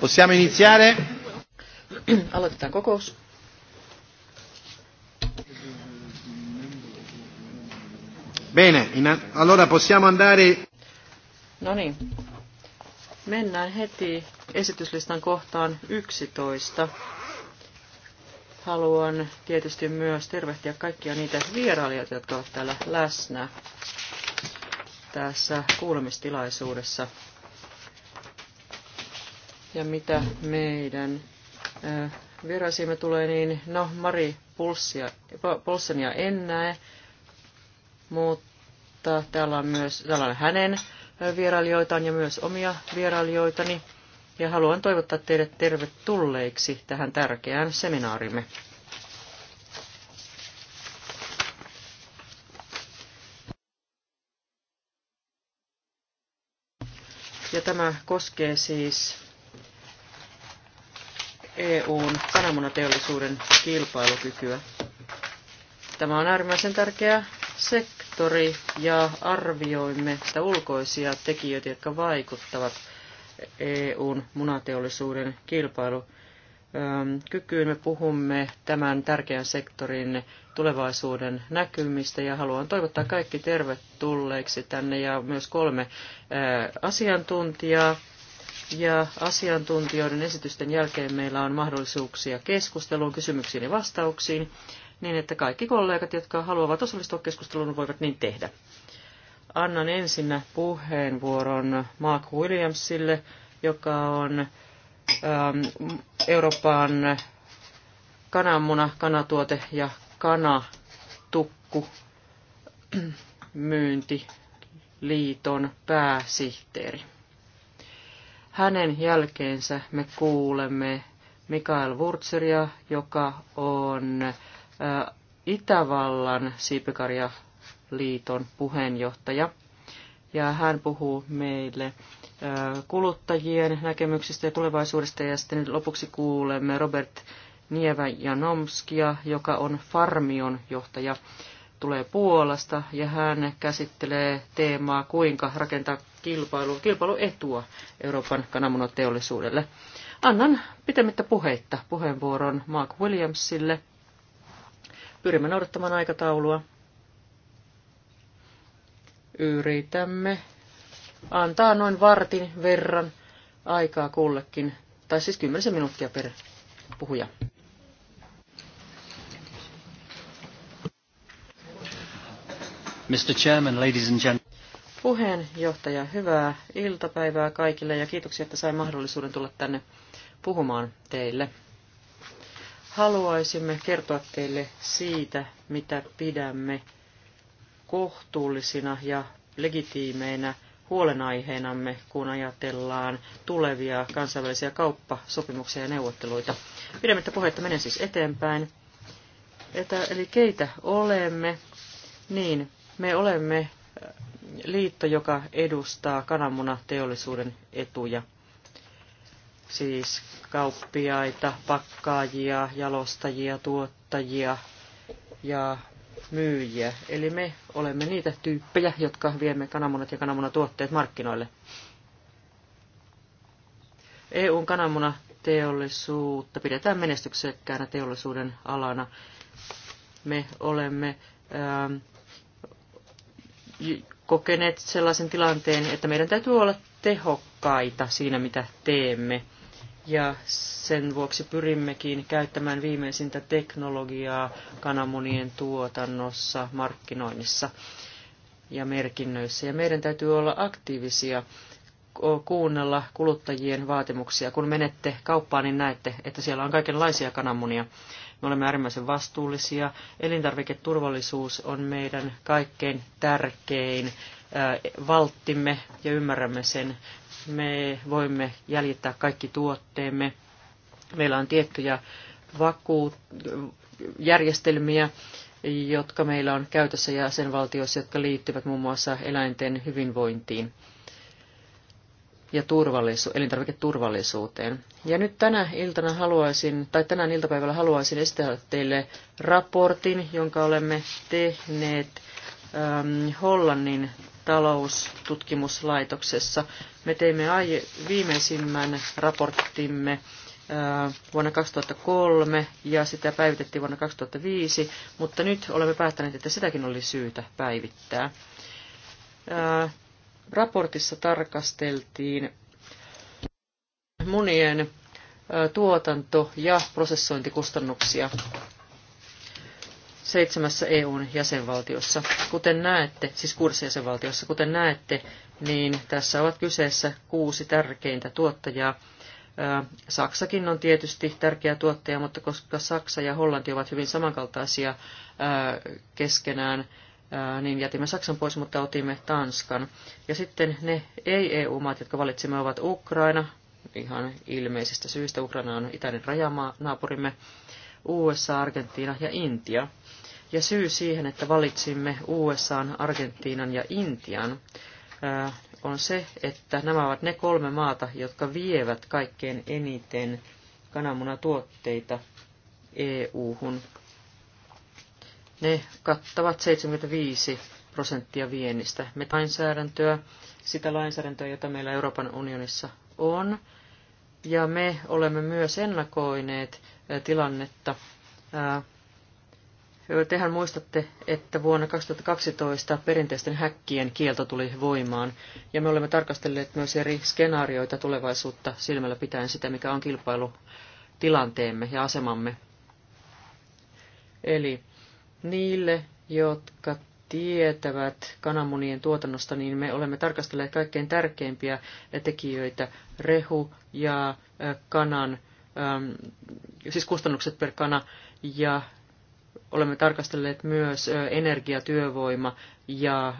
Possiamo iniziare? Aloitetaan kokous. Bene, in, allora possiamo andare... No niin. Mennään heti esityslistan kohtaan 11. Haluan tietysti myös tervehtiä kaikkia niitä vierailijoita, jotka ovat täällä läsnä tässä kuulemistilaisuudessa ja mitä meidän äh, vieraisiimme tulee, niin no Mari Pulssenia en näe, mutta täällä on myös täällä on hänen äh, vierailijoitaan ja myös omia vierailijoitani. Ja haluan toivottaa teidät tervetulleiksi tähän tärkeään seminaarimme. Ja tämä koskee siis EUn kananmunateollisuuden kilpailukykyä. Tämä on äärimmäisen tärkeä sektori ja arvioimme sitä ulkoisia tekijöitä, jotka vaikuttavat EUn munateollisuuden kilpailukykyyn. Me puhumme tämän tärkeän sektorin tulevaisuuden näkymistä ja haluan toivottaa kaikki tervetulleiksi tänne ja myös kolme asiantuntijaa ja asiantuntijoiden esitysten jälkeen meillä on mahdollisuuksia keskusteluun, kysymyksiin ja vastauksiin, niin että kaikki kollegat, jotka haluavat osallistua keskusteluun, voivat niin tehdä. Annan ensinnä puheenvuoron Mark Williamsille, joka on ähm, Euroopan kananmuna, kanatuote ja kanatukku myyntiliiton pääsihteeri. Hänen jälkeensä me kuulemme Mikael Wurzeria, joka on Itävallan siipikarjaliiton puheenjohtaja. Ja hän puhuu meille kuluttajien näkemyksistä ja tulevaisuudesta. Ja sitten lopuksi kuulemme Robert Nievä Janomskia, joka on Farmion johtaja, tulee Puolasta ja hän käsittelee teemaa, kuinka rakentaa kilpailu, kilpailuetua Euroopan kananmunateollisuudelle. Annan pitemmittä puheitta puheenvuoron Mark Williamsille. Pyrimme noudattamaan aikataulua. Yritämme antaa noin vartin verran aikaa kullekin, tai siis kymmenisen minuuttia per puhuja. Mr. Chairman, ladies and gentlemen puheenjohtaja. Hyvää iltapäivää kaikille ja kiitoksia, että sain mahdollisuuden tulla tänne puhumaan teille. Haluaisimme kertoa teille siitä, mitä pidämme kohtuullisina ja legitiimeinä huolenaiheenamme, kun ajatellaan tulevia kansainvälisiä kauppasopimuksia ja neuvotteluita. Pidemmittä puhetta menen siis eteenpäin. että eli keitä olemme? Niin, me olemme liitto, joka edustaa kananmunateollisuuden etuja. Siis kauppiaita, pakkaajia, jalostajia, tuottajia ja myyjiä. Eli me olemme niitä tyyppejä, jotka viemme kananmunat ja kananmunatuotteet markkinoille. EUn kananmunateollisuutta pidetään menestyksekkäänä teollisuuden alana. Me olemme Ää, ähm, kokeneet sellaisen tilanteen, että meidän täytyy olla tehokkaita siinä, mitä teemme. Ja sen vuoksi pyrimmekin käyttämään viimeisintä teknologiaa kananmunien tuotannossa, markkinoinnissa ja merkinnöissä. Ja meidän täytyy olla aktiivisia kuunnella kuluttajien vaatimuksia. Kun menette kauppaan, niin näette, että siellä on kaikenlaisia kananmunia. Me olemme äärimmäisen vastuullisia. Elintarviketurvallisuus on meidän kaikkein tärkein valttimme ja ymmärrämme sen. Me voimme jäljittää kaikki tuotteemme. Meillä on tiettyjä vakuutjärjestelmiä, jotka meillä on käytössä jäsenvaltioissa, jotka liittyvät muun muassa eläinten hyvinvointiin ja turvallisu- elintarviketurvallisuuteen. Ja nyt tänä iltana haluaisin, tai tänään iltapäivällä haluaisin esitellä teille raportin, jonka olemme tehneet ähm, Hollannin taloustutkimuslaitoksessa. Me teimme aie- viimeisimmän raporttimme äh, vuonna 2003 ja sitä päivitettiin vuonna 2005, mutta nyt olemme päättäneet, että sitäkin oli syytä päivittää. Äh, Raportissa tarkasteltiin munien tuotanto- ja prosessointikustannuksia seitsemässä EUn jäsenvaltiossa. Kuten näette, siis kuudessa jäsenvaltiossa, kuten näette, niin tässä ovat kyseessä kuusi tärkeintä tuottajaa. Saksakin on tietysti tärkeä tuottaja, mutta koska Saksa ja Hollanti ovat hyvin samankaltaisia keskenään, niin jätimme Saksan pois, mutta otimme Tanskan. Ja sitten ne ei-EU-maat, jotka valitsimme, ovat Ukraina, ihan ilmeisestä syystä. Ukraina on itäinen rajamaa, naapurimme, USA, Argentiina ja Intia. Ja syy siihen, että valitsimme USA, Argentiinan ja Intian, on se, että nämä ovat ne kolme maata, jotka vievät kaikkein eniten kananmunatuotteita EU-hun ne kattavat 75 prosenttia viennistä. Me lainsäädäntöä, sitä lainsäädäntöä, jota meillä Euroopan unionissa on. Ja me olemme myös ennakoineet tilannetta. Tehän muistatte, että vuonna 2012 perinteisten häkkien kielto tuli voimaan, ja me olemme tarkastelleet myös eri skenaarioita tulevaisuutta silmällä pitäen sitä, mikä on kilpailutilanteemme ja asemamme. Eli Niille, jotka tietävät kananmunien tuotannosta, niin me olemme tarkastelleet kaikkein tärkeimpiä tekijöitä, rehu ja kanan, siis kustannukset per kana, ja olemme tarkastelleet myös energia, työvoima ja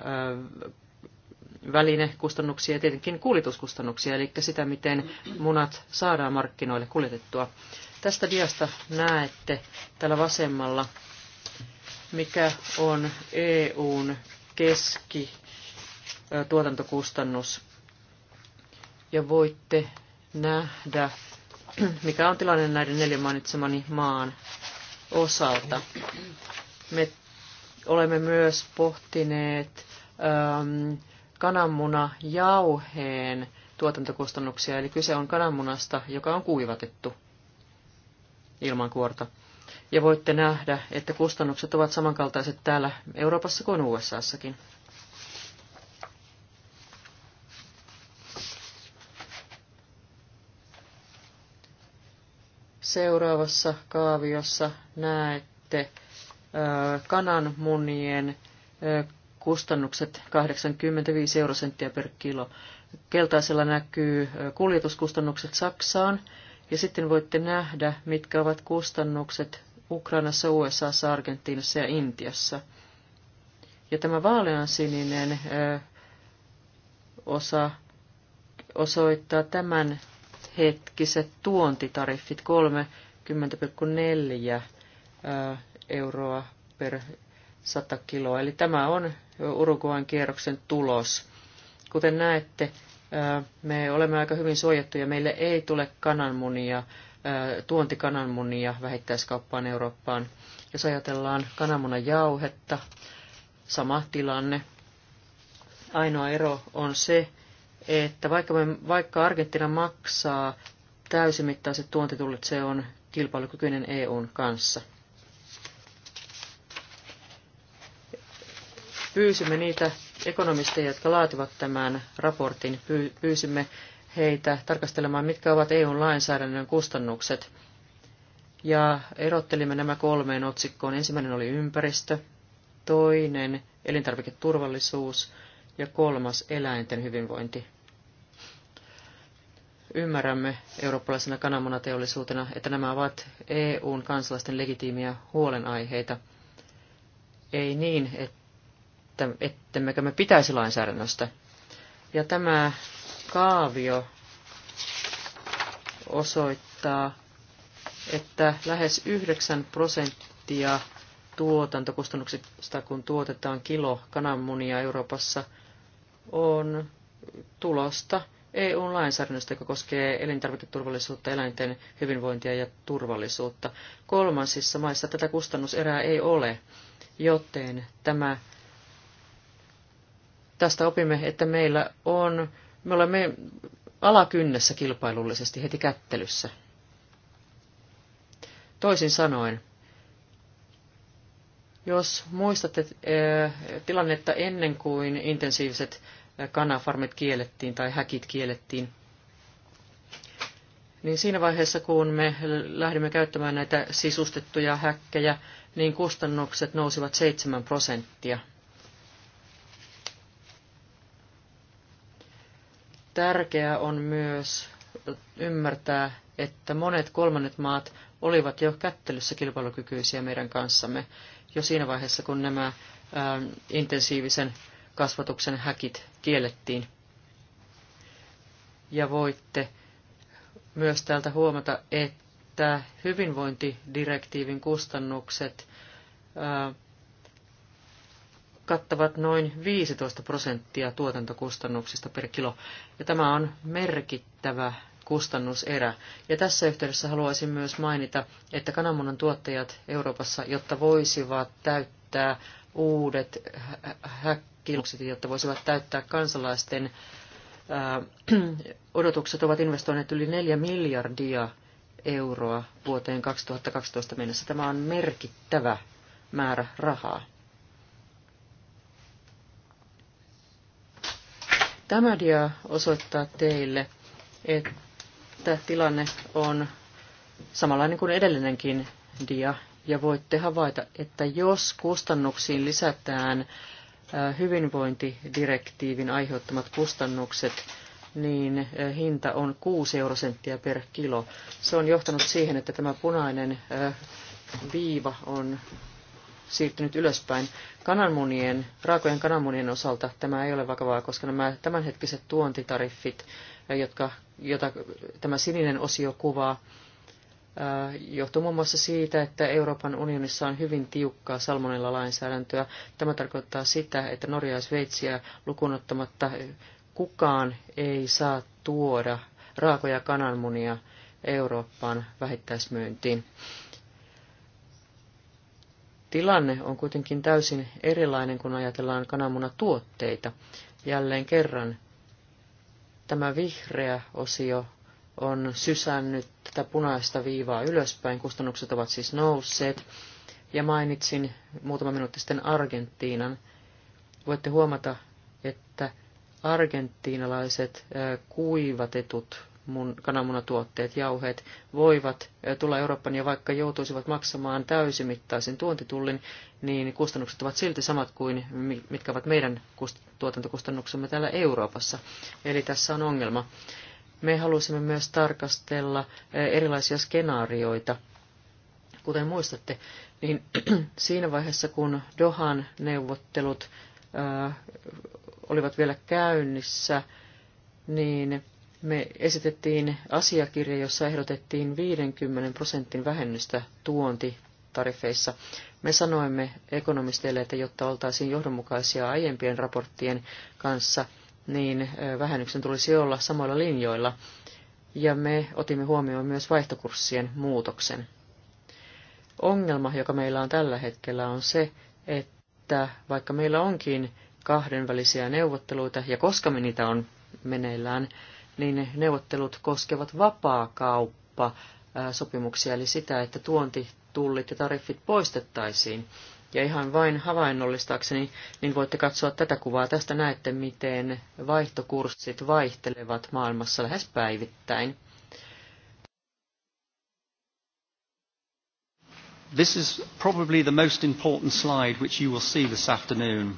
välinekustannuksia ja tietenkin kuljetuskustannuksia, eli sitä, miten munat saadaan markkinoille kuljetettua. Tästä diasta näette täällä vasemmalla mikä on EUn keski tuotantokustannus. Ja voitte nähdä, mikä on tilanne näiden neljän mainitsemani maan osalta. Me olemme myös pohtineet ähm, jauheen tuotantokustannuksia, eli kyse on kananmunasta, joka on kuivatettu ilman kuorta ja voitte nähdä, että kustannukset ovat samankaltaiset täällä Euroopassa kuin USAssakin. Seuraavassa kaaviossa näette kananmunien kustannukset 85 eurosenttiä per kilo. Keltaisella näkyy kuljetuskustannukset Saksaan, ja sitten voitte nähdä, mitkä ovat kustannukset Ukrainassa, USA, Argentiinassa ja Intiassa. Ja tämä vaaleansininen ö, osa osoittaa tämän hetkiset tuontitariffit 30,4 euroa per 100 kiloa. Eli tämä on Uruguayn kierroksen tulos. Kuten näette, me olemme aika hyvin suojattuja. Meille ei tule kananmunia tuontikananmunia vähittäiskauppaan Eurooppaan. Jos ajatellaan kananmunan jauhetta, sama tilanne. Ainoa ero on se, että vaikka, me, vaikka Argentina maksaa täysimittaiset tuontitullit, se on kilpailukykyinen EUn kanssa. Pyysimme niitä ekonomisteja, jotka laativat tämän raportin, pyysimme heitä tarkastelemaan, mitkä ovat EU:n lainsäädännön kustannukset. Ja erottelimme nämä kolmeen otsikkoon. Ensimmäinen oli ympäristö, toinen elintarviketurvallisuus ja kolmas eläinten hyvinvointi. Ymmärrämme eurooppalaisena kananmunateollisuutena, että nämä ovat EUn kansalaisten legitiimiä huolenaiheita. Ei niin, että ettemmekö me pitäisi lainsäädännöstä. Ja tämä kaavio osoittaa, että lähes 9 prosenttia tuotantokustannuksista, kun tuotetaan kilo kananmunia Euroopassa, on tulosta eu lainsäädännöstä, joka koskee elintarviketurvallisuutta, eläinten hyvinvointia ja turvallisuutta. Kolmansissa maissa tätä kustannuserää ei ole, joten tämä, tästä opimme, että meillä on me olemme alakynnessä kilpailullisesti heti kättelyssä. Toisin sanoen, jos muistatte eh, tilannetta ennen kuin intensiiviset eh, kanafarmit kiellettiin tai häkit kiellettiin, niin siinä vaiheessa, kun me lähdimme käyttämään näitä sisustettuja häkkejä, niin kustannukset nousivat 7 prosenttia – Tärkeää on myös ymmärtää, että monet kolmannet maat olivat jo kättelyssä kilpailukykyisiä meidän kanssamme jo siinä vaiheessa, kun nämä ä, intensiivisen kasvatuksen häkit kiellettiin. Ja voitte myös täältä huomata, että hyvinvointidirektiivin kustannukset ä, kattavat noin 15 prosenttia tuotantokustannuksista per kilo, ja tämä on merkittävä kustannuserä. Ja tässä yhteydessä haluaisin myös mainita, että kananmunan tuottajat Euroopassa, jotta voisivat täyttää uudet häkkilukset, jotta voisivat täyttää kansalaisten äh, odotukset, ovat investoineet yli 4 miljardia euroa vuoteen 2012 mennessä. Tämä on merkittävä määrä rahaa. Tämä dia osoittaa teille, että tilanne on samanlainen kuin edellinenkin dia, ja voitte havaita, että jos kustannuksiin lisätään hyvinvointidirektiivin aiheuttamat kustannukset, niin hinta on 6 eurosenttiä per kilo. Se on johtanut siihen, että tämä punainen viiva on siirtynyt ylöspäin. Kananmunien, raakojen kananmunien osalta tämä ei ole vakavaa, koska nämä tämänhetkiset tuontitariffit, äh, jotka, jota tämä sininen osio kuvaa, äh, johtuu muun muassa siitä, että Euroopan unionissa on hyvin tiukkaa salmonella lainsäädäntöä. Tämä tarkoittaa sitä, että Norjaa ja Sveitsiä lukunottamatta äh, kukaan ei saa tuoda raakoja kananmunia Eurooppaan vähittäismyyntiin. Tilanne on kuitenkin täysin erilainen, kun ajatellaan kananmunatuotteita. Jälleen kerran tämä vihreä osio on sysännyt tätä punaista viivaa ylöspäin, kustannukset ovat siis nousseet. Ja mainitsin muutama minuutti sitten Argentiinan. Voitte huomata, että argentiinalaiset kuivatetut mun, kananmunatuotteet, jauheet voivat tulla Eurooppaan ja vaikka joutuisivat maksamaan täysimittaisen tuontitullin, niin kustannukset ovat silti samat kuin mitkä ovat meidän tuotantokustannuksemme täällä Euroopassa. Eli tässä on ongelma. Me halusimme myös tarkastella erilaisia skenaarioita. Kuten muistatte, niin siinä vaiheessa kun Dohan neuvottelut olivat vielä käynnissä, niin me esitettiin asiakirja, jossa ehdotettiin 50 prosentin vähennystä tuontitarifeissa. Me sanoimme ekonomisteille, että jotta oltaisiin johdonmukaisia aiempien raporttien kanssa, niin vähennyksen tulisi olla samoilla linjoilla, ja me otimme huomioon myös vaihtokurssien muutoksen. Ongelma, joka meillä on tällä hetkellä, on se, että vaikka meillä onkin kahdenvälisiä neuvotteluita, ja koska me niitä on meneillään, niin neuvottelut koskevat vapaakauppa sopimuksia, eli sitä, että tuontitullit ja tariffit poistettaisiin. Ja ihan vain havainnollistaakseni, niin voitte katsoa tätä kuvaa. Tästä näette, miten vaihtokurssit vaihtelevat maailmassa lähes päivittäin. This is probably the most important slide which you will see this afternoon.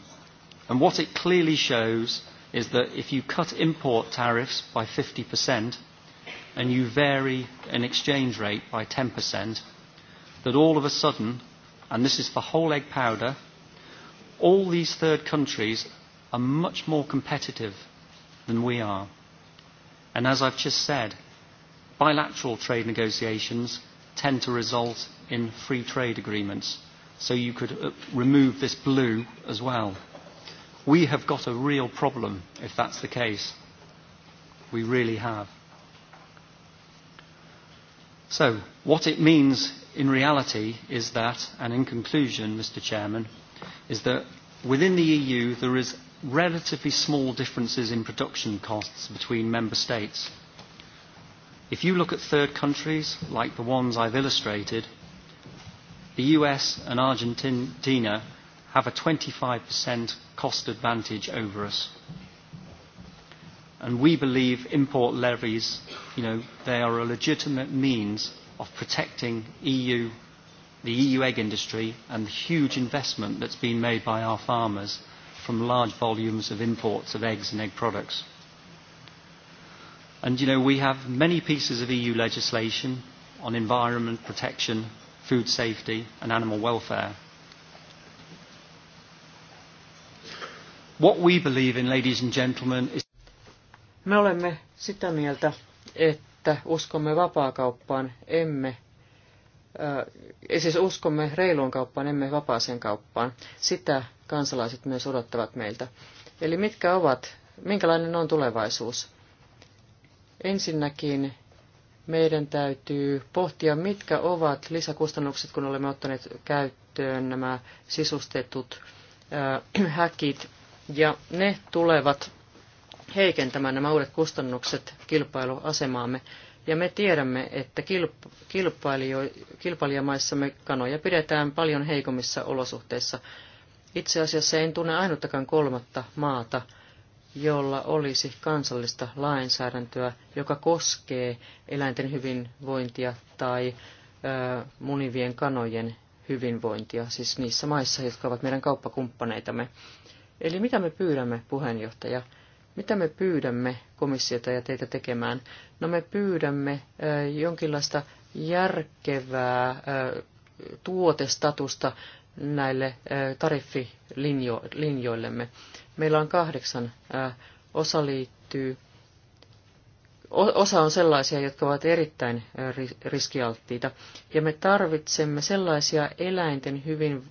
And what it clearly shows is that if you cut import tariffs by 50% and you vary an exchange rate by 10%, that all of a sudden, and this is for whole egg powder, all these third countries are much more competitive than we are. And as I've just said, bilateral trade negotiations tend to result in free trade agreements. So you could uh, remove this blue as well We have got a real problem if that's the case. We really have. So, what it means in reality is that, and in conclusion, Mr. Chairman, is that within the EU there is relatively small differences in production costs between member states. If you look at third countries, like the ones I've illustrated, the US and Argentina have a 25% cost advantage over us. And we believe import levies, you know, they are a legitimate means of protecting EU, the EU egg industry and the huge investment that's been made by our farmers from large volumes of imports of eggs and egg products. And, you know, we have many pieces of EU legislation on environment protection, food safety and animal welfare What we believe in, ladies and gentlemen, is... Me olemme sitä mieltä, että uskomme vapaakauppaan, emme äh, siis uskomme reiluun kauppaan, emme vapaaseen kauppaan. Sitä kansalaiset myös odottavat meiltä. Eli mitkä ovat, minkälainen on tulevaisuus? Ensinnäkin meidän täytyy pohtia, mitkä ovat lisäkustannukset, kun olemme ottaneet käyttöön nämä sisustetut äh, häkit ja ne tulevat heikentämään nämä uudet kustannukset kilpailuasemaamme. Ja me tiedämme, että kilpailijamaissamme kanoja pidetään paljon heikommissa olosuhteissa. Itse asiassa en tunne ainuttakaan kolmatta maata, jolla olisi kansallista lainsäädäntöä, joka koskee eläinten hyvinvointia tai ö, munivien kanojen hyvinvointia, siis niissä maissa, jotka ovat meidän kauppakumppaneitamme. Eli mitä me pyydämme, puheenjohtaja? Mitä me pyydämme komissiota ja teitä tekemään? No me pyydämme jonkinlaista järkevää tuotestatusta näille tariffilinjoillemme. Meillä on kahdeksan osa liittyy osa on sellaisia, jotka ovat erittäin riskialttiita. Ja me tarvitsemme sellaisia eläinten hyvin,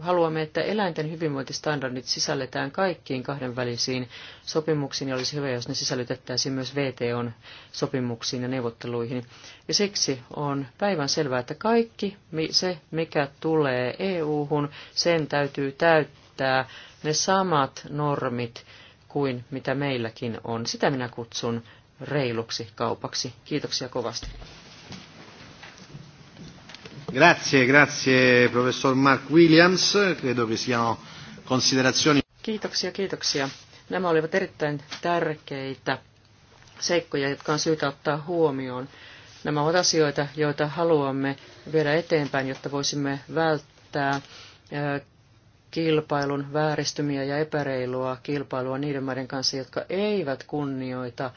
haluamme, että eläinten hyvinvointistandardit sisälletään kaikkiin kahdenvälisiin sopimuksiin, ja olisi hyvä, jos ne sisällytettäisiin myös VTOn sopimuksiin ja neuvotteluihin. Ja siksi on päivän selvää, että kaikki se, mikä tulee EU-hun, sen täytyy täyttää ne samat normit, kuin mitä meilläkin on. Sitä minä kutsun reiluksi kaupaksi. Kiitoksia kovasti. Grazie, grazie professor Mark Williams. Credo che siano considerazioni. Kiitoksia, kiitoksia. Nämä olivat erittäin tärkeitä seikkoja, jotka on syytä ottaa huomioon. Nämä ovat asioita, joita haluamme viedä eteenpäin, jotta voisimme välttää kilpailun vääristymiä ja epäreilua kilpailua niiden maiden kanssa, jotka eivät kunnioita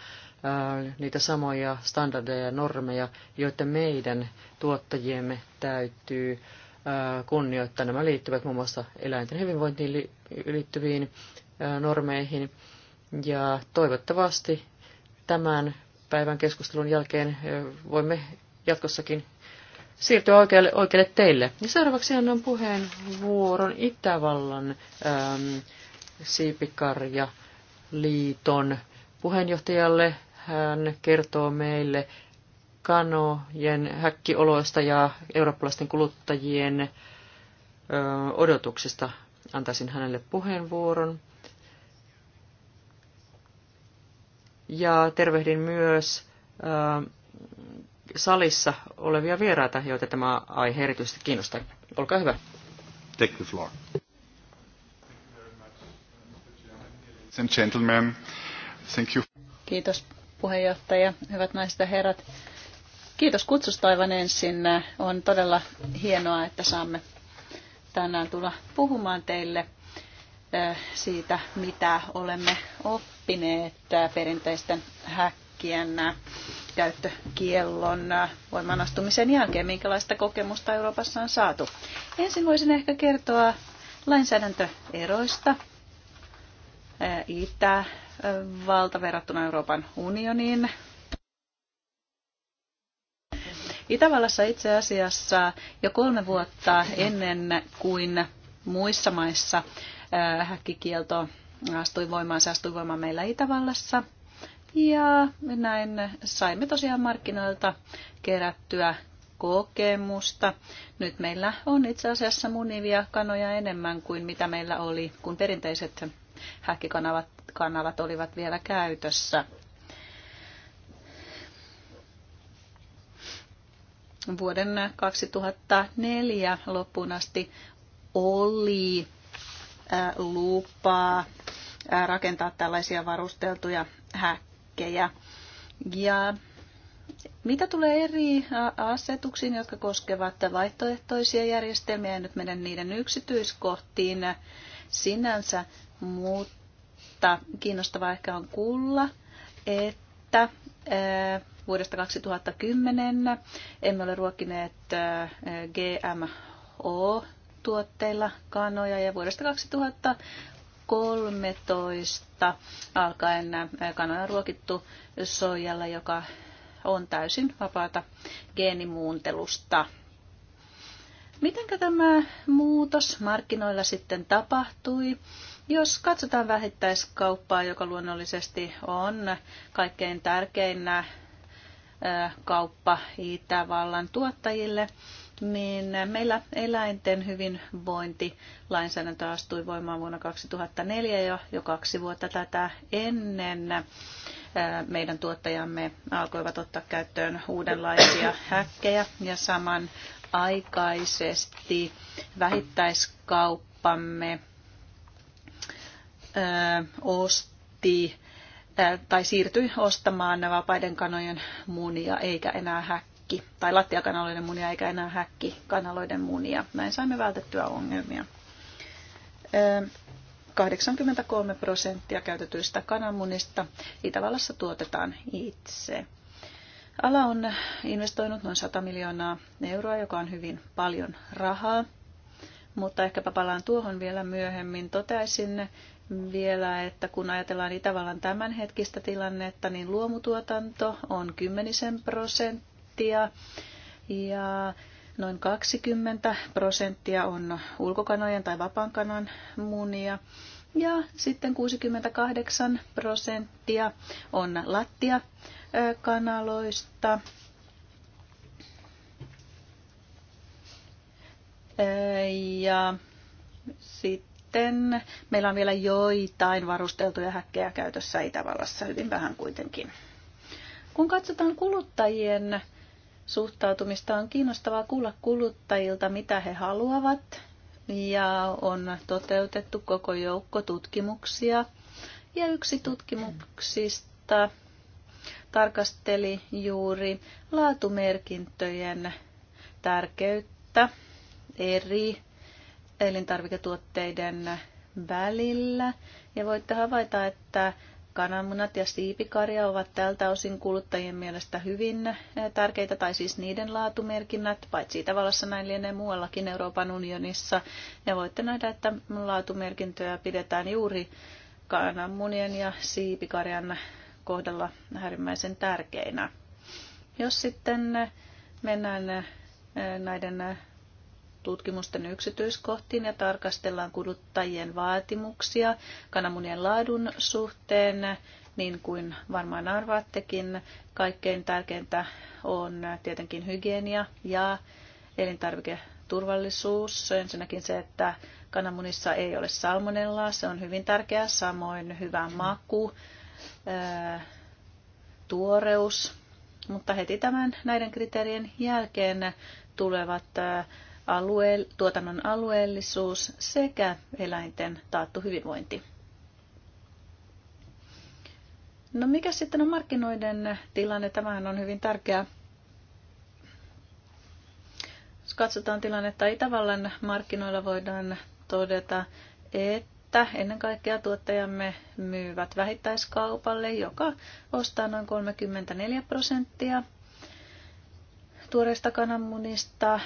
Äh, niitä samoja standardeja ja normeja, joita meidän tuottajiemme täytyy äh, kunnioittaa. Nämä liittyvät muun muassa eläinten hyvinvointiin liittyviin äh, normeihin. Ja toivottavasti tämän päivän keskustelun jälkeen voimme jatkossakin siirtyä oikealle, oikealle teille. Ja seuraavaksi annan puheenvuoron Itävallan äm, Liiton puheenjohtajalle hän kertoo meille kanojen häkkioloista ja eurooppalaisten kuluttajien odotuksista. Antaisin hänelle puheenvuoron. Ja tervehdin myös salissa olevia vieraita, joita tämä aihe erityisesti kiinnostaa. Olkaa hyvä. Take the floor. Ladies and gentlemen, thank you. Kiitos puheenjohtaja, hyvät naiset ja herrat. Kiitos kutsusta aivan ensin. On todella hienoa, että saamme tänään tulla puhumaan teille eh, siitä, mitä olemme oppineet eh, perinteisten häkkien eh, käyttökiellon voimanastumisen jälkeen, minkälaista kokemusta Euroopassa on saatu. Ensin voisin ehkä kertoa lainsäädäntöeroista Itä- valta verrattuna Euroopan unioniin. Itävallassa itse asiassa jo kolme vuotta ennen kuin muissa maissa äh, häkkikielto astui voimaan, se astui voimaan meillä Itävallassa. Ja näin saimme tosiaan markkinoilta kerättyä kokemusta. Nyt meillä on itse asiassa munivia kanoja enemmän kuin mitä meillä oli, kun perinteiset häkkikanavat kanavat olivat vielä käytössä. Vuoden 2004 loppuun asti oli äh, lupaa äh, rakentaa tällaisia varusteltuja häkkejä. Ja mitä tulee eri äh, asetuksiin, jotka koskevat vaihtoehtoisia järjestelmiä, en nyt mene niiden yksityiskohtiin sinänsä, mutta kiinnostavaa ehkä on kuulla, että äh, vuodesta 2010 emme ole ruokineet äh, GMO-tuotteilla kanoja ja vuodesta 2000 13 alkaen äh, kanoja on ruokittu soijalla, joka on täysin vapaata geenimuuntelusta. Mitenkä tämä muutos markkinoilla sitten tapahtui? Jos katsotaan vähittäiskauppaa, joka luonnollisesti on kaikkein tärkein kauppa Itävallan tuottajille, niin meillä eläinten lainsäädäntö astui voimaan vuonna 2004 jo, jo kaksi vuotta tätä ennen. Meidän tuottajamme alkoivat ottaa käyttöön uudenlaisia häkkejä ja samanaikaisesti vähittäiskauppamme osti tai siirtyi ostamaan vapaiden kanojen munia eikä enää häkki, tai lattiakanaloiden munia eikä enää häkki kanaloiden munia. Näin saimme vältettyä ongelmia. 83 prosenttia käytetyistä kananmunista Itävallassa tuotetaan itse. Ala on investoinut noin 100 miljoonaa euroa, joka on hyvin paljon rahaa, mutta ehkäpä palaan tuohon vielä myöhemmin. Toteaisin, vielä, että kun ajatellaan Itävallan niin tämänhetkistä tilannetta, niin luomutuotanto on kymmenisen prosenttia ja noin 20 prosenttia on ulkokanojen tai vapaankanan munia. Ja sitten 68 prosenttia on lattia kanaloista Ja sitten sitten meillä on vielä joitain varusteltuja häkkejä käytössä Itävallassa, hyvin vähän kuitenkin. Kun katsotaan kuluttajien suhtautumista, on kiinnostavaa kuulla kuluttajilta, mitä he haluavat. Ja on toteutettu koko joukko tutkimuksia. Ja yksi tutkimuksista tarkasteli juuri laatumerkintöjen tärkeyttä eri elintarviketuotteiden välillä. Ja voitte havaita, että kananmunat ja siipikarja ovat tältä osin kuluttajien mielestä hyvin eh, tärkeitä, tai siis niiden laatumerkinnät, paitsi Itävallassa näin lienee muuallakin Euroopan unionissa. Ja voitte nähdä, että laatumerkintöjä pidetään juuri kananmunien ja siipikarjan kohdalla äärimmäisen tärkeinä. Jos sitten mennään eh, näiden tutkimusten yksityiskohtiin ja tarkastellaan kuluttajien vaatimuksia kananmunien laadun suhteen, niin kuin varmaan arvaattekin. Kaikkein tärkeintä on tietenkin hygienia ja elintarviketurvallisuus. Ensinnäkin se, että kananmunissa ei ole salmonellaa, se on hyvin tärkeää. Samoin hyvä maku, tuoreus, mutta heti tämän näiden kriteerien jälkeen tulevat alue, tuotannon alueellisuus sekä eläinten taattu hyvinvointi. No mikä sitten on markkinoiden tilanne? Tämähän on hyvin tärkeä. Jos katsotaan tilannetta Itävallan markkinoilla, voidaan todeta, että ennen kaikkea tuottajamme myyvät vähittäiskaupalle, joka ostaa noin 34 prosenttia tuoreista kananmunista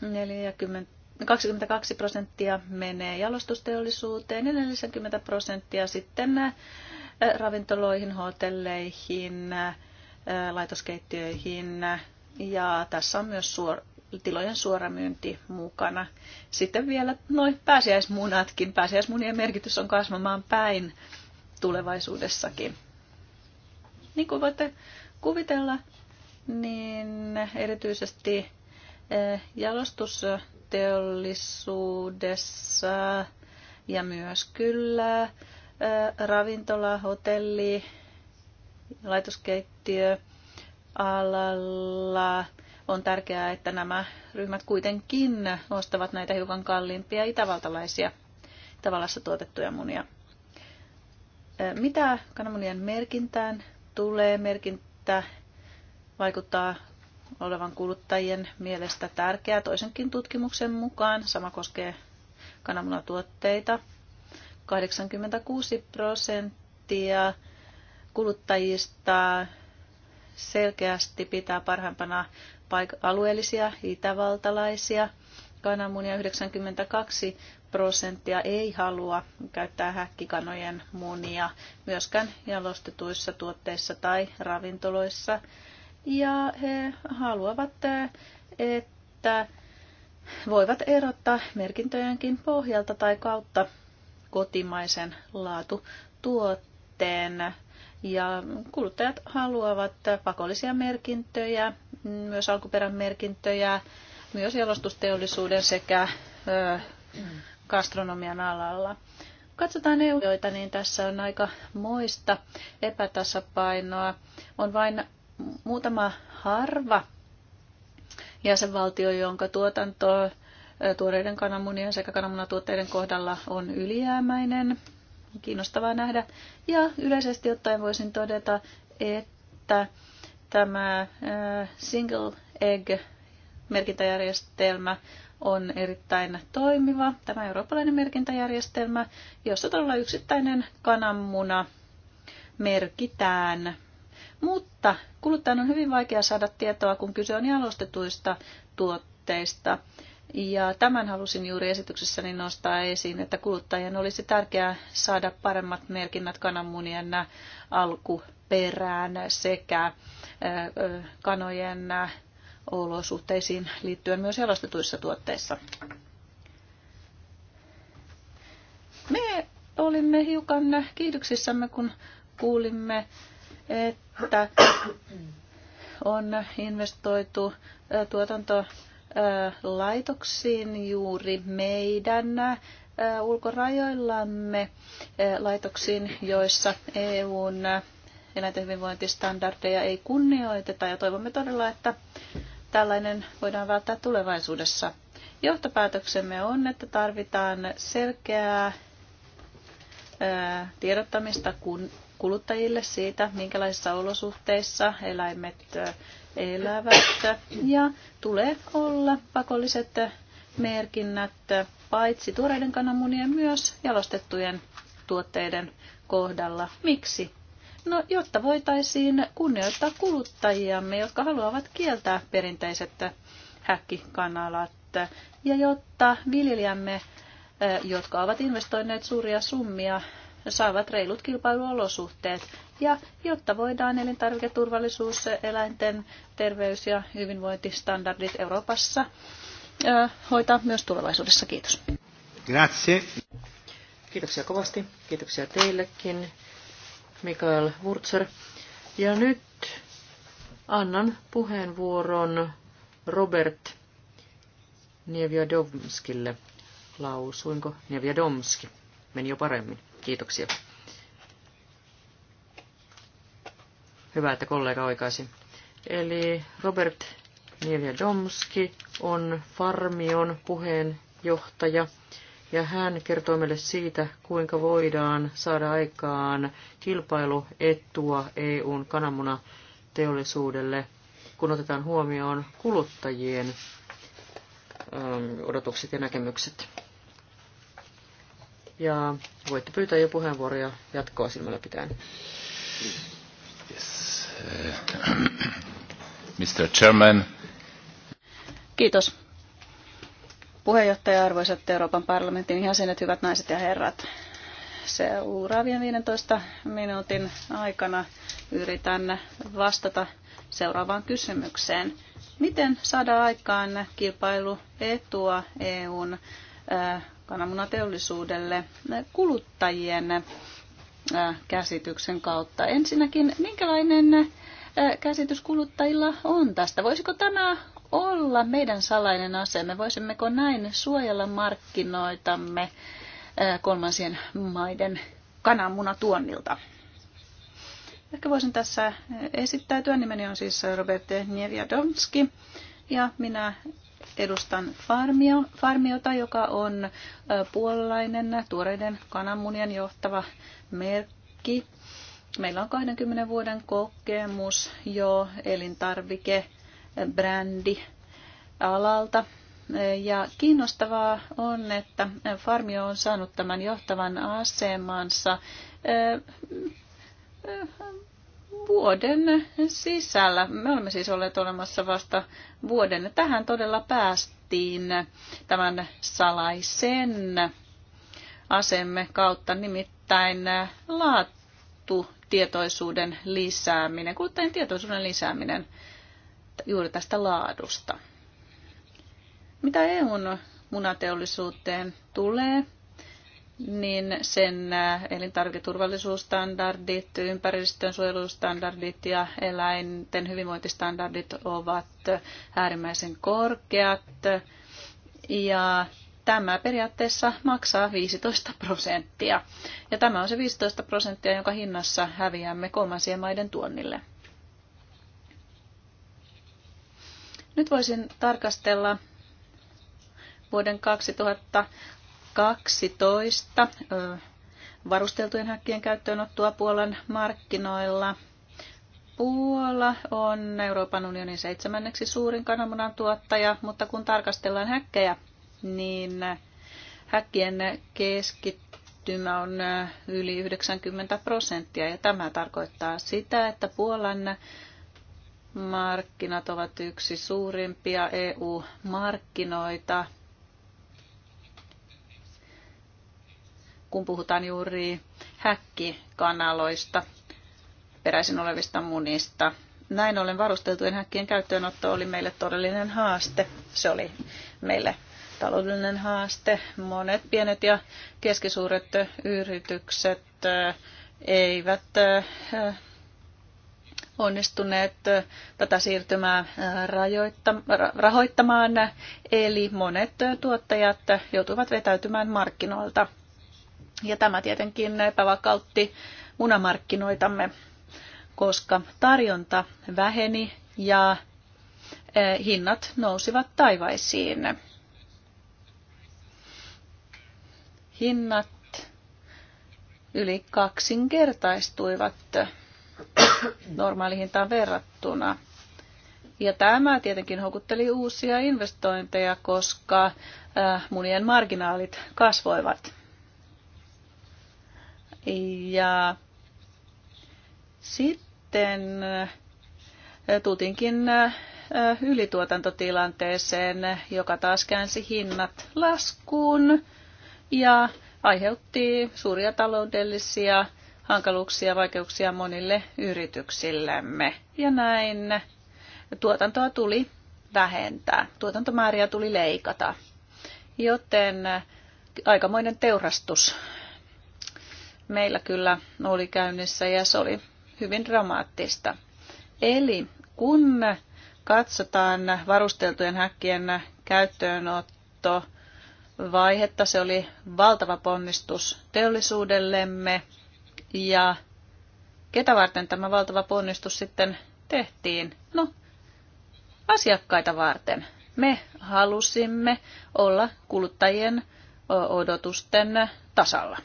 40 22 prosenttia menee jalostusteollisuuteen 40 prosenttia sitten äh, ravintoloihin, hotelleihin, äh, laitoskeittiöihin ja tässä on myös suor, tilojen suoramyynti mukana. Sitten vielä noin pääsiäismunatkin. Pääsiäismunien merkitys on kasvamaan päin tulevaisuudessakin. Niin kuin voitte kuvitella, niin erityisesti jalostusteollisuudessa ja myös kyllä äh, ravintola, hotelli, laitoskeittiö alalla on tärkeää, että nämä ryhmät kuitenkin ostavat näitä hiukan kalliimpia itävaltalaisia tavallassa tuotettuja munia. Äh, mitä kananmunien merkintään tulee? Merkintä vaikuttaa olevan kuluttajien mielestä tärkeää. Toisenkin tutkimuksen mukaan, sama koskee kananmunatuotteita, 86 prosenttia kuluttajista selkeästi pitää parhaimpana alueellisia itävaltalaisia kananmunia 92 prosenttia ei halua käyttää häkkikanojen munia myöskään jalostetuissa tuotteissa tai ravintoloissa ja he haluavat, että voivat erottaa merkintöjenkin pohjalta tai kautta kotimaisen laatutuotteen. Ja kuluttajat haluavat pakollisia merkintöjä, myös alkuperän merkintöjä, myös jalostusteollisuuden sekä ö, gastronomian alalla. Katsotaan EU-joita, niin tässä on aika moista epätasapainoa. On vain muutama harva jäsenvaltio, jonka tuotanto tuoreiden kananmunien sekä kananmunatuotteiden kohdalla on ylijäämäinen. Kiinnostavaa nähdä. Ja yleisesti ottaen voisin todeta, että tämä single egg merkintäjärjestelmä on erittäin toimiva, tämä eurooppalainen merkintäjärjestelmä, jossa todella yksittäinen kananmuna merkitään mutta kuluttajan on hyvin vaikea saada tietoa, kun kyse on jalostetuista tuotteista. Ja tämän halusin juuri esityksessäni nostaa esiin, että kuluttajien olisi tärkeää saada paremmat merkinnät kananmunien alkuperään sekä kanojen olosuhteisiin liittyen myös jalostetuissa tuotteissa. Me olimme hiukan kiihdyksissämme, kun kuulimme että on investoitu tuotantolaitoksiin juuri meidän ulkorajoillamme laitoksiin, joissa EUn eläinten hyvinvointistandardeja ei kunnioiteta ja toivomme todella, että tällainen voidaan välttää tulevaisuudessa. Johtopäätöksemme on, että tarvitaan selkeää tiedottamista kun kuluttajille siitä, minkälaisissa olosuhteissa eläimet elävät. Ja tulee olla pakolliset merkinnät paitsi tuoreiden kananmunien myös jalostettujen tuotteiden kohdalla. Miksi? No, jotta voitaisiin kunnioittaa kuluttajiamme, jotka haluavat kieltää perinteiset häkkikanalat, ja jotta viljelijämme, jotka ovat investoineet suuria summia saavat reilut kilpailuolosuhteet. Ja jotta voidaan elintarviketurvallisuus, eläinten terveys ja hyvinvointistandardit Euroopassa hoitaa myös tulevaisuudessa. Kiitos. Grazie. Kiitoksia kovasti. Kiitoksia teillekin, Mikael Wurzer. Ja nyt annan puheenvuoron Robert Nieviadomskille. Lausuinko Nieviadomski? Meni jo paremmin. Kiitoksia. Hyvä, että kollega oikaisi. Eli Robert Domski on Farmion puheenjohtaja ja hän kertoo meille siitä, kuinka voidaan saada aikaan kilpailuetua EUn kananmuna teollisuudelle, kun otetaan huomioon kuluttajien odotukset ja näkemykset. Ja voitte pyytää jo puheenvuoroja jatkoa silmällä pitäen. Yes. Eh, Mr. Chairman. Kiitos. Puheenjohtaja, arvoisat Euroopan parlamentin jäsenet, hyvät naiset ja herrat. Seuraavien 15 minuutin aikana yritän vastata seuraavaan kysymykseen. Miten saada aikaan kilpailuetua EUn eh, kananmunateollisuudelle kuluttajien käsityksen kautta. Ensinnäkin, minkälainen käsitys kuluttajilla on tästä? Voisiko tämä olla meidän salainen asemme? Voisimmeko näin suojella markkinoitamme kolmansien maiden kananmunatuonnilta? Ehkä voisin tässä esittäytyä. Nimeni on siis Robert Nieviadonski ja minä edustan Farmio, Farmiota, joka on puolalainen tuoreiden kananmunien johtava merkki. Meillä on 20 vuoden kokemus jo elintarvike, brändi alalta. Ja kiinnostavaa on, että Farmio on saanut tämän johtavan asemansa vuoden sisällä. Me olemme siis olleet olemassa vasta vuoden. Tähän todella päästiin tämän salaisen asemme kautta, nimittäin laattu tietoisuuden lisääminen, kuten tietoisuuden lisääminen juuri tästä laadusta. Mitä EUn munateollisuuteen tulee, niin sen äh, elintarviketurvallisuusstandardit, ympäristönsuojelustandardit ja eläinten hyvinvointistandardit ovat äh, äärimmäisen korkeat. Ja tämä periaatteessa maksaa 15 prosenttia. Ja tämä on se 15 prosenttia, jonka hinnassa häviämme kolmansien maiden tuonnille. Nyt voisin tarkastella vuoden 2000 12 varusteltujen häkkien käyttöönottoa Puolan markkinoilla. Puola on Euroopan unionin seitsemänneksi suurin kananmunan tuottaja, mutta kun tarkastellaan häkkejä, niin häkkien keskittymä on yli 90 prosenttia ja tämä tarkoittaa sitä, että Puolan markkinat ovat yksi suurimpia EU-markkinoita – kun puhutaan juuri häkkikanaloista, peräisin olevista munista. Näin ollen varusteltujen häkkien käyttöönotto oli meille todellinen haaste. Se oli meille taloudellinen haaste. Monet pienet ja keskisuuret yritykset eh, eivät eh, onnistuneet eh, tätä siirtymää rahoittamaan, eli monet tuottajat joutuivat vetäytymään markkinoilta. Ja tämä tietenkin epävakautti munamarkkinoitamme, koska tarjonta väheni ja e, hinnat nousivat taivaisiin. Hinnat yli kaksinkertaistuivat normaalihintaan verrattuna. Ja tämä tietenkin houkutteli uusia investointeja, koska e, munien marginaalit kasvoivat. Ja sitten äh, tutinkin äh, ylituotantotilanteeseen, joka taas käänsi hinnat laskuun ja aiheutti suuria taloudellisia hankaluuksia ja vaikeuksia monille yrityksillemme. Ja näin tuotantoa tuli vähentää, tuotantomääriä tuli leikata. Joten aikamoinen teurastus meillä kyllä oli käynnissä ja se oli hyvin dramaattista. Eli kun katsotaan varusteltujen häkkien käyttöönotto vaihetta, se oli valtava ponnistus teollisuudellemme ja ketä varten tämä valtava ponnistus sitten tehtiin? No, asiakkaita varten. Me halusimme olla kuluttajien odotusten tasalla.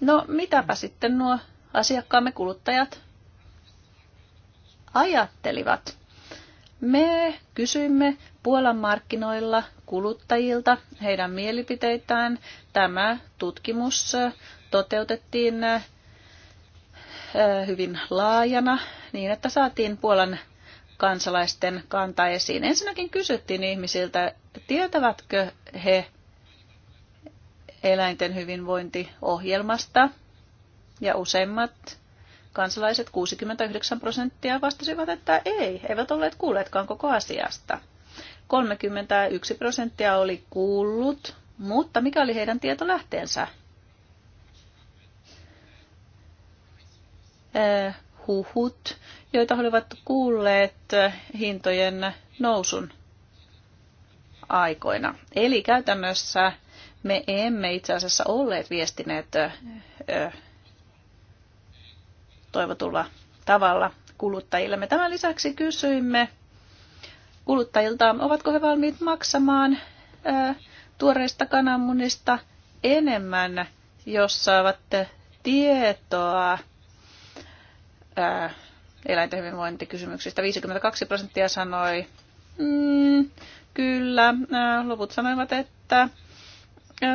No mitäpä sitten nuo asiakkaamme kuluttajat ajattelivat? Me kysyimme Puolan markkinoilla kuluttajilta heidän mielipiteitään. Tämä tutkimus toteutettiin äh, hyvin laajana niin, että saatiin Puolan kansalaisten kanta esiin. Ensinnäkin kysyttiin ihmisiltä, tietävätkö he eläinten hyvinvointiohjelmasta ja useimmat kansalaiset 69 prosenttia vastasivat, että ei, eivät olleet kuulleetkaan koko asiasta. 31 prosenttia oli kuullut, mutta mikä oli heidän tietolähteensä? Äh, huhut, joita he olivat kuulleet hintojen nousun aikoina. Eli käytännössä me emme itse asiassa olleet viestineet toivotulla tavalla kuluttajillemme. Tämän lisäksi kysyimme kuluttajilta, ovatko he valmiit maksamaan tuoreista kananmunista enemmän, jos saavat tietoa eläinten hyvinvointikysymyksistä. 52 prosenttia sanoi, mm, kyllä, loput sanoivat, että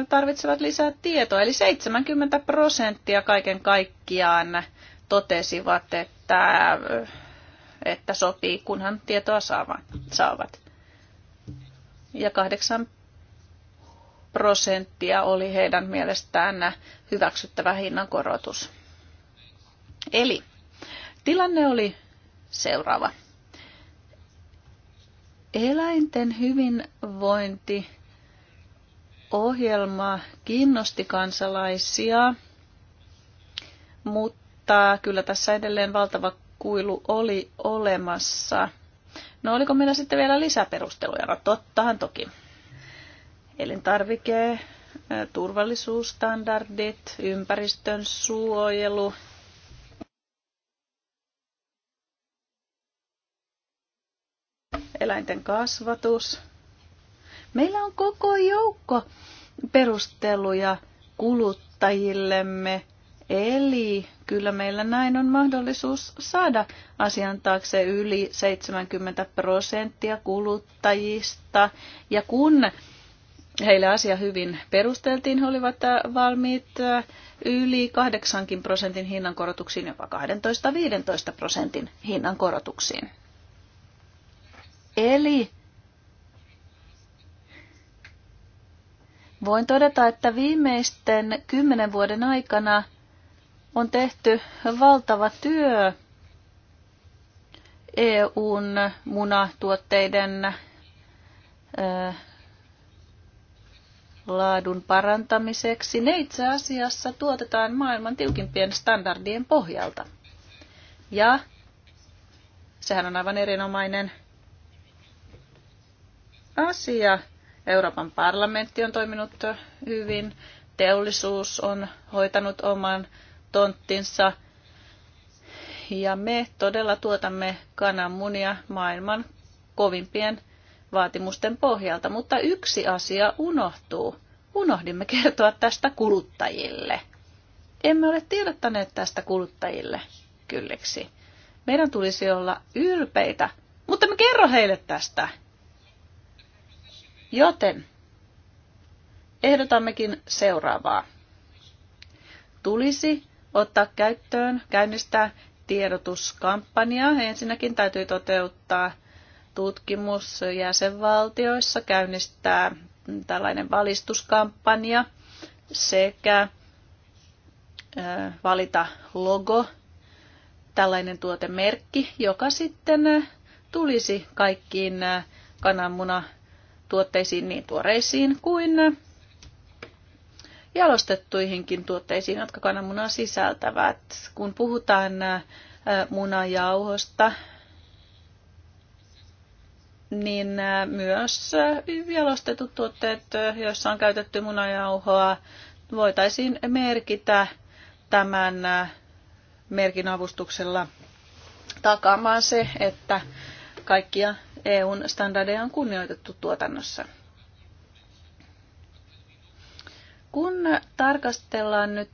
tarvitsevat lisää tietoa. Eli 70 prosenttia kaiken kaikkiaan totesivat, että, että sopii, kunhan tietoa saavat. Ja 8 prosenttia oli heidän mielestään hyväksyttävä hinnankorotus. Eli tilanne oli seuraava. Eläinten hyvinvointi ohjelma kiinnosti kansalaisia, mutta kyllä tässä edelleen valtava kuilu oli olemassa. No oliko meillä sitten vielä lisäperusteluja? No tottahan toki. Elintarvike, turvallisuusstandardit, ympäristön suojelu, eläinten kasvatus, Meillä on koko joukko perusteluja kuluttajillemme, eli kyllä meillä näin on mahdollisuus saada asian taakse yli 70 prosenttia kuluttajista. Ja kun heille asia hyvin perusteltiin, he olivat äh, valmiit äh, yli 8 prosentin hinnankorotuksiin, jopa 12-15 prosentin hinnankorotuksiin. Eli Voin todeta, että viimeisten kymmenen vuoden aikana on tehty valtava työ EUn munatuotteiden laadun parantamiseksi. Ne itse asiassa tuotetaan maailman tiukimpien standardien pohjalta. Ja sehän on aivan erinomainen asia, Euroopan parlamentti on toiminut hyvin, teollisuus on hoitanut oman tonttinsa ja me todella tuotamme kananmunia maailman kovimpien vaatimusten pohjalta, mutta yksi asia unohtuu. Unohdimme kertoa tästä kuluttajille. Emme ole tiedottaneet tästä kuluttajille kylliksi. Meidän tulisi olla ylpeitä, mutta me kerro heille tästä. Joten ehdotammekin seuraavaa. Tulisi ottaa käyttöön, käynnistää tiedotuskampanja. Ensinnäkin täytyy toteuttaa tutkimus jäsenvaltioissa, käynnistää tällainen valistuskampanja sekä valita logo, tällainen tuotemerkki, joka sitten tulisi kaikkiin kananmuna tuotteisiin, niin tuoreisiin kuin jalostettuihinkin tuotteisiin, jotka kananmunaa sisältävät. Kun puhutaan äh, munajauhosta, niin äh, myös äh, jalostetut tuotteet, joissa on käytetty munajauhoa, voitaisiin merkitä tämän merkin avustuksella takaamaan se, että kaikkia EUn standardeja on kunnioitettu tuotannossa. Kun tarkastellaan nyt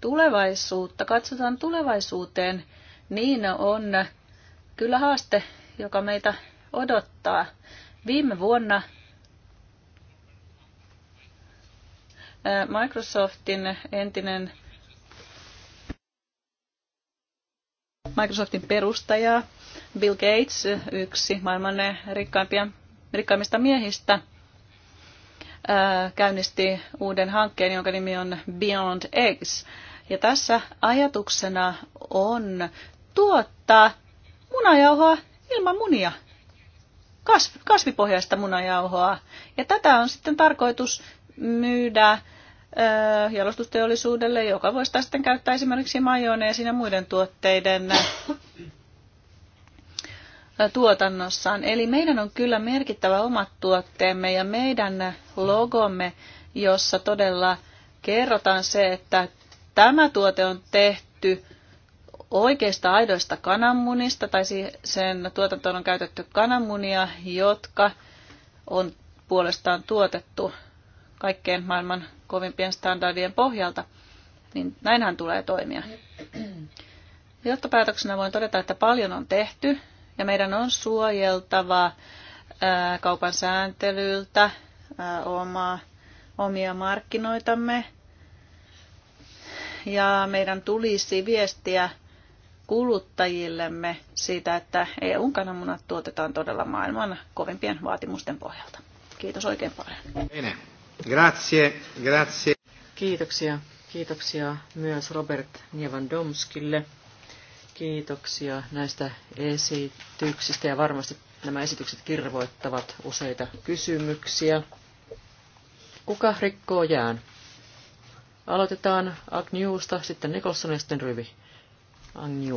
tulevaisuutta, katsotaan tulevaisuuteen, niin on kyllä haaste, joka meitä odottaa. Viime vuonna Microsoftin entinen Microsoftin perustaja Bill Gates, yksi maailman rikkaimpia, rikkaimmista miehistä, käynnisti uuden hankkeen, jonka nimi on Beyond Eggs. Ja tässä ajatuksena on tuottaa munajauhoa ilman munia, Kasv, kasvipohjaista munajauhoa. Ja tätä on sitten tarkoitus myydä jalostusteollisuudelle, joka voisi sitten käyttää esimerkiksi majoneesin ja muiden tuotteiden tuotannossaan. Eli meidän on kyllä merkittävä omat tuotteemme ja meidän logomme, jossa todella kerrotaan se, että tämä tuote on tehty oikeista aidoista kananmunista, tai sen tuotantoon on käytetty kananmunia, jotka on puolestaan tuotettu kaikkeen maailman kovimpien standardien pohjalta, niin näinhän tulee toimia. Johtopäätöksenä voin todeta, että paljon on tehty ja meidän on suojeltava kaupan sääntelyltä omaa, omia markkinoitamme. Ja meidän tulisi viestiä kuluttajillemme siitä, että eu kananmunat tuotetaan todella maailman kovimpien vaatimusten pohjalta. Kiitos oikein paljon. Grazie, grazie. Kiitoksia. Kiitoksia myös Robert Nievandomskille. Kiitoksia näistä esityksistä ja varmasti nämä esitykset kirvoittavat useita kysymyksiä. Kuka rikkoo jään? Aloitetaan Agnewsta, sitten Nicholson ja sitten Ryvi. Agnew.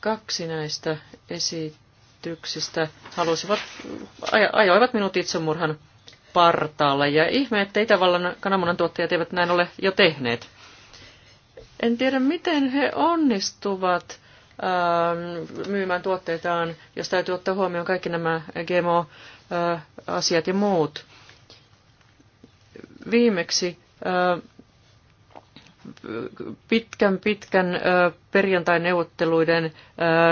Kaksi näistä esityksistä halusivat, ajoivat minut itsemurhan partaalla. Ja ihme, että Itävallan kananmunan tuottajat eivät näin ole jo tehneet. En tiedä, miten he onnistuvat ähm, myymään tuotteitaan, jos täytyy ottaa huomioon kaikki nämä GMO-asiat äh, ja muut. Viimeksi äh, pitkän pitkän perjantai-neuvotteluiden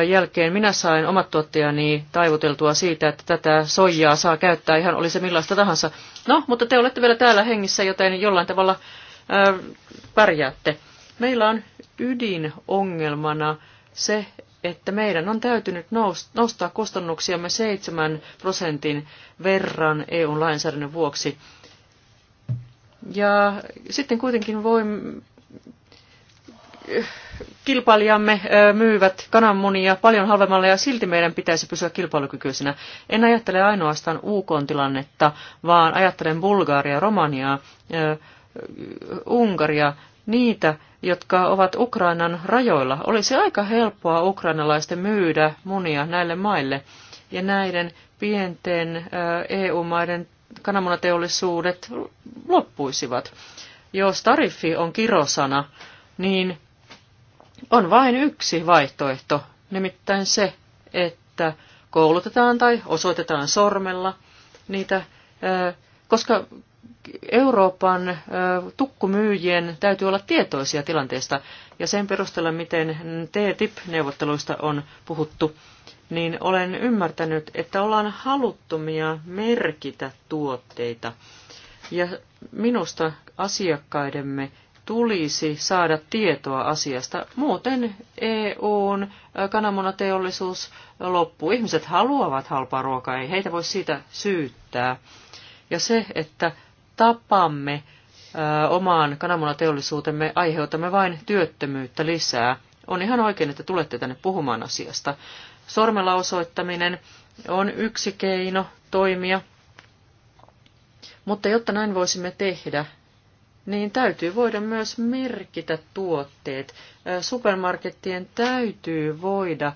jälkeen minä sain omat tuottajani taivuteltua siitä, että tätä soijaa saa käyttää ihan oli se millaista tahansa. No, mutta te olette vielä täällä hengissä, joten jollain tavalla pärjäätte. Meillä on ydinongelmana se, että meidän on täytynyt nostaa kustannuksiamme 7 prosentin verran eu lainsäädännön vuoksi. Ja sitten kuitenkin voimme, kilpailijamme myyvät kananmunia paljon halvemmalla ja silti meidän pitäisi pysyä kilpailukykyisenä. En ajattele ainoastaan UK-tilannetta, vaan ajattelen Bulgaria, Romaniaa, Unkaria, niitä, jotka ovat Ukrainan rajoilla. Olisi aika helppoa ukrainalaisten myydä munia näille maille ja näiden pienten EU-maiden kananmunateollisuudet loppuisivat. Jos tariffi on kirosana, niin on vain yksi vaihtoehto, nimittäin se, että koulutetaan tai osoitetaan sormella niitä, koska Euroopan tukkumyyjien täytyy olla tietoisia tilanteesta, ja sen perusteella, miten TTIP-neuvotteluista on puhuttu, niin olen ymmärtänyt, että ollaan haluttomia merkitä tuotteita. Ja minusta asiakkaidemme tulisi saada tietoa asiasta. Muuten EUn kananmunateollisuus loppuu. Ihmiset haluavat halpaa ruokaa, ei heitä voi siitä syyttää. Ja se, että tapamme omaan kananmunateollisuutemme, aiheutamme vain työttömyyttä lisää. On ihan oikein, että tulette tänne puhumaan asiasta. Sormella osoittaminen on yksi keino toimia, mutta jotta näin voisimme tehdä, niin täytyy voida myös merkitä tuotteet. Supermarkettien täytyy voida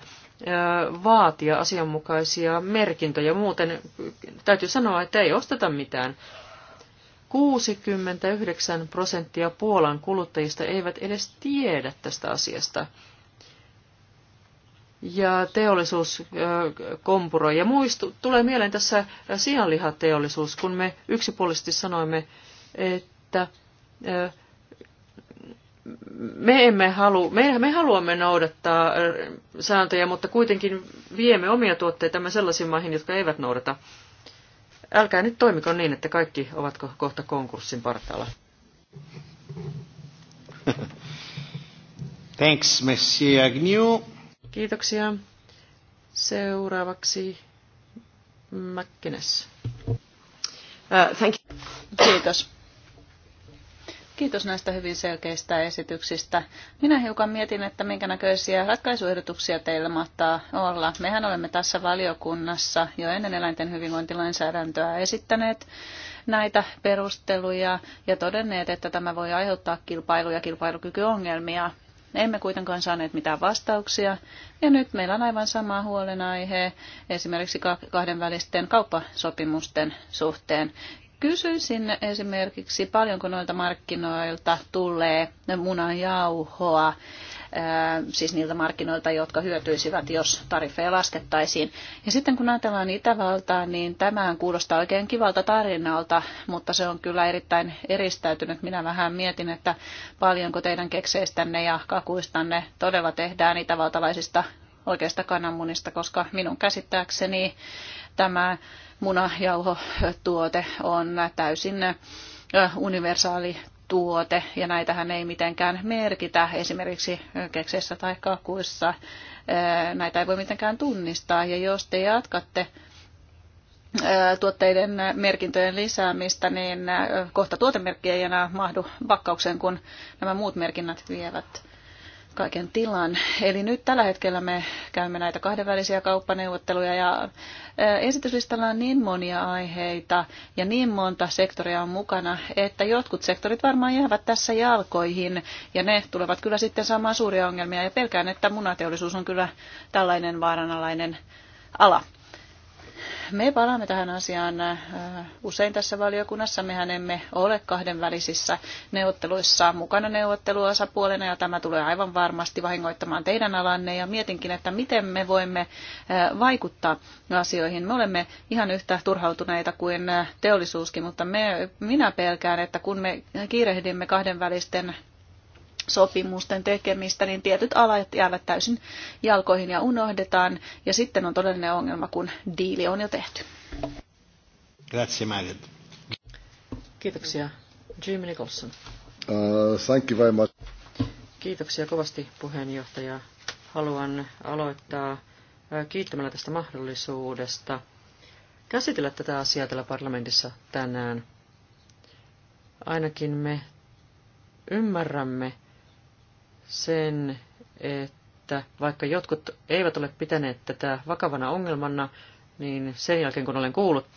vaatia asianmukaisia merkintöjä. Muuten täytyy sanoa, että ei osteta mitään. 69 prosenttia Puolan kuluttajista eivät edes tiedä tästä asiasta. Ja teollisuus kompuroi. Ja muistu, tulee mieleen tässä sianlihateollisuus, kun me yksipuolisesti sanoimme, että että me emme halu, me, me haluamme noudattaa sääntöjä, mutta kuitenkin viemme omia tuotteitamme sellaisiin maihin, jotka eivät noudata. Älkää nyt toimiko niin, että kaikki ovat kohta konkurssin partaalla. Thanks, Monsieur Agnew. Kiitoksia. Seuraavaksi McInnes. Uh, thank you. Kiitos Kiitos näistä hyvin selkeistä esityksistä. Minä hiukan mietin, että minkä näköisiä ratkaisuehdotuksia teillä mahtaa olla. Mehän olemme tässä valiokunnassa jo ennen eläinten hyvinvointilainsäädäntöä esittäneet näitä perusteluja ja todenneet, että tämä voi aiheuttaa kilpailu- ja kilpailukykyongelmia. Emme kuitenkaan saaneet mitään vastauksia. Ja nyt meillä on aivan sama huolenaihe esimerkiksi kahdenvälisten kauppasopimusten suhteen. Kysyisin esimerkiksi, paljonko noilta markkinoilta tulee munanjauhoa, siis niiltä markkinoilta, jotka hyötyisivät, jos tariffeja laskettaisiin. Ja sitten kun ajatellaan Itävaltaa, niin tämä kuulostaa oikein kivalta tarinalta, mutta se on kyllä erittäin eristäytynyt. Minä vähän mietin, että paljonko teidän kekseistänne ja kakuistanne todella tehdään itävaltalaisista oikeasta kananmunista, koska minun käsittääkseni tämä munajauhotuote on täysin universaali tuote, ja näitähän ei mitenkään merkitä esimerkiksi kekseissä tai kakuissa. Näitä ei voi mitenkään tunnistaa, ja jos te jatkatte tuotteiden merkintöjen lisäämistä, niin kohta tuotemerkki ei enää mahdu pakkaukseen, kun nämä muut merkinnät vievät kaiken tilan. Eli nyt tällä hetkellä me käymme näitä kahdenvälisiä kauppaneuvotteluja ja esityslistalla on niin monia aiheita ja niin monta sektoria on mukana, että jotkut sektorit varmaan jäävät tässä jalkoihin ja ne tulevat kyllä sitten saamaan suuria ongelmia ja pelkään, että munateollisuus on kyllä tällainen vaaranalainen ala. Me palaamme tähän asiaan äh, usein tässä valiokunnassa. Mehän emme ole kahdenvälisissä neuvotteluissa mukana neuvotteluosapuolena ja tämä tulee aivan varmasti vahingoittamaan teidän alanne ja mietinkin, että miten me voimme äh, vaikuttaa asioihin. Me olemme ihan yhtä turhautuneita kuin äh, teollisuuskin, mutta me, minä pelkään, että kun me kiirehdimme kahdenvälisten sopimusten tekemistä, niin tietyt alat jäävät täysin jalkoihin ja unohdetaan. Ja sitten on todellinen ongelma, kun diili on jo tehty. Grazie, Kiitoksia. Jim Nicholson. Uh, thank you very much. Kiitoksia kovasti puheenjohtaja. Haluan aloittaa uh, kiittämällä tästä mahdollisuudesta käsitellä tätä asiaa täällä parlamentissa tänään. Ainakin me ymmärrämme, sen, että vaikka jotkut eivät ole pitäneet tätä vakavana ongelmana, niin sen jälkeen kun olen kuullut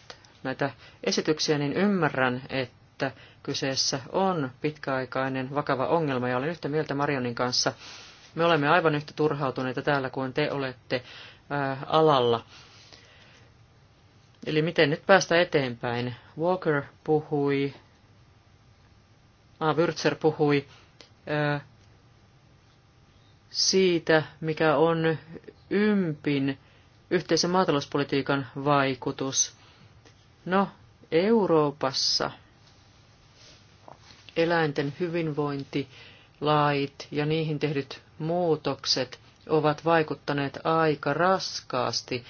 näitä esityksiä, niin ymmärrän, että kyseessä on pitkäaikainen vakava ongelma ja olen yhtä mieltä Marionin kanssa. Me olemme aivan yhtä turhautuneita täällä kuin te olette ää, äh, alalla. Eli miten nyt päästä eteenpäin? Walker puhui, ah, äh, Würzer puhui ää, äh, siitä, mikä on ympin yhteisen maatalouspolitiikan vaikutus. No, Euroopassa eläinten hyvinvointi, lait ja niihin tehdyt muutokset ovat vaikuttaneet aika raskaasti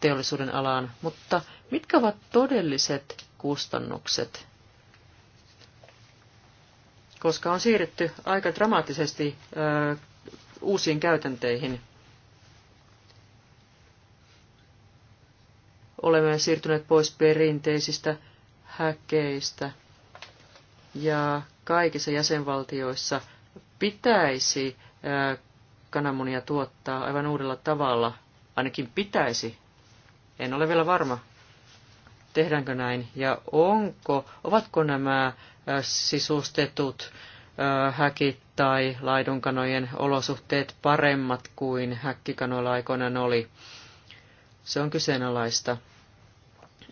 teollisuuden alaan, mutta mitkä ovat todelliset kustannukset? Koska on siirretty aika dramaattisesti uusiin käytänteihin. Olemme siirtyneet pois perinteisistä häkeistä ja kaikissa jäsenvaltioissa pitäisi kananmunia tuottaa aivan uudella tavalla. Ainakin pitäisi. En ole vielä varma, tehdäänkö näin ja onko, ovatko nämä sisustetut häkit tai laidunkanojen olosuhteet paremmat kuin häkkikanoilla aikoinaan oli. Se on kyseenalaista.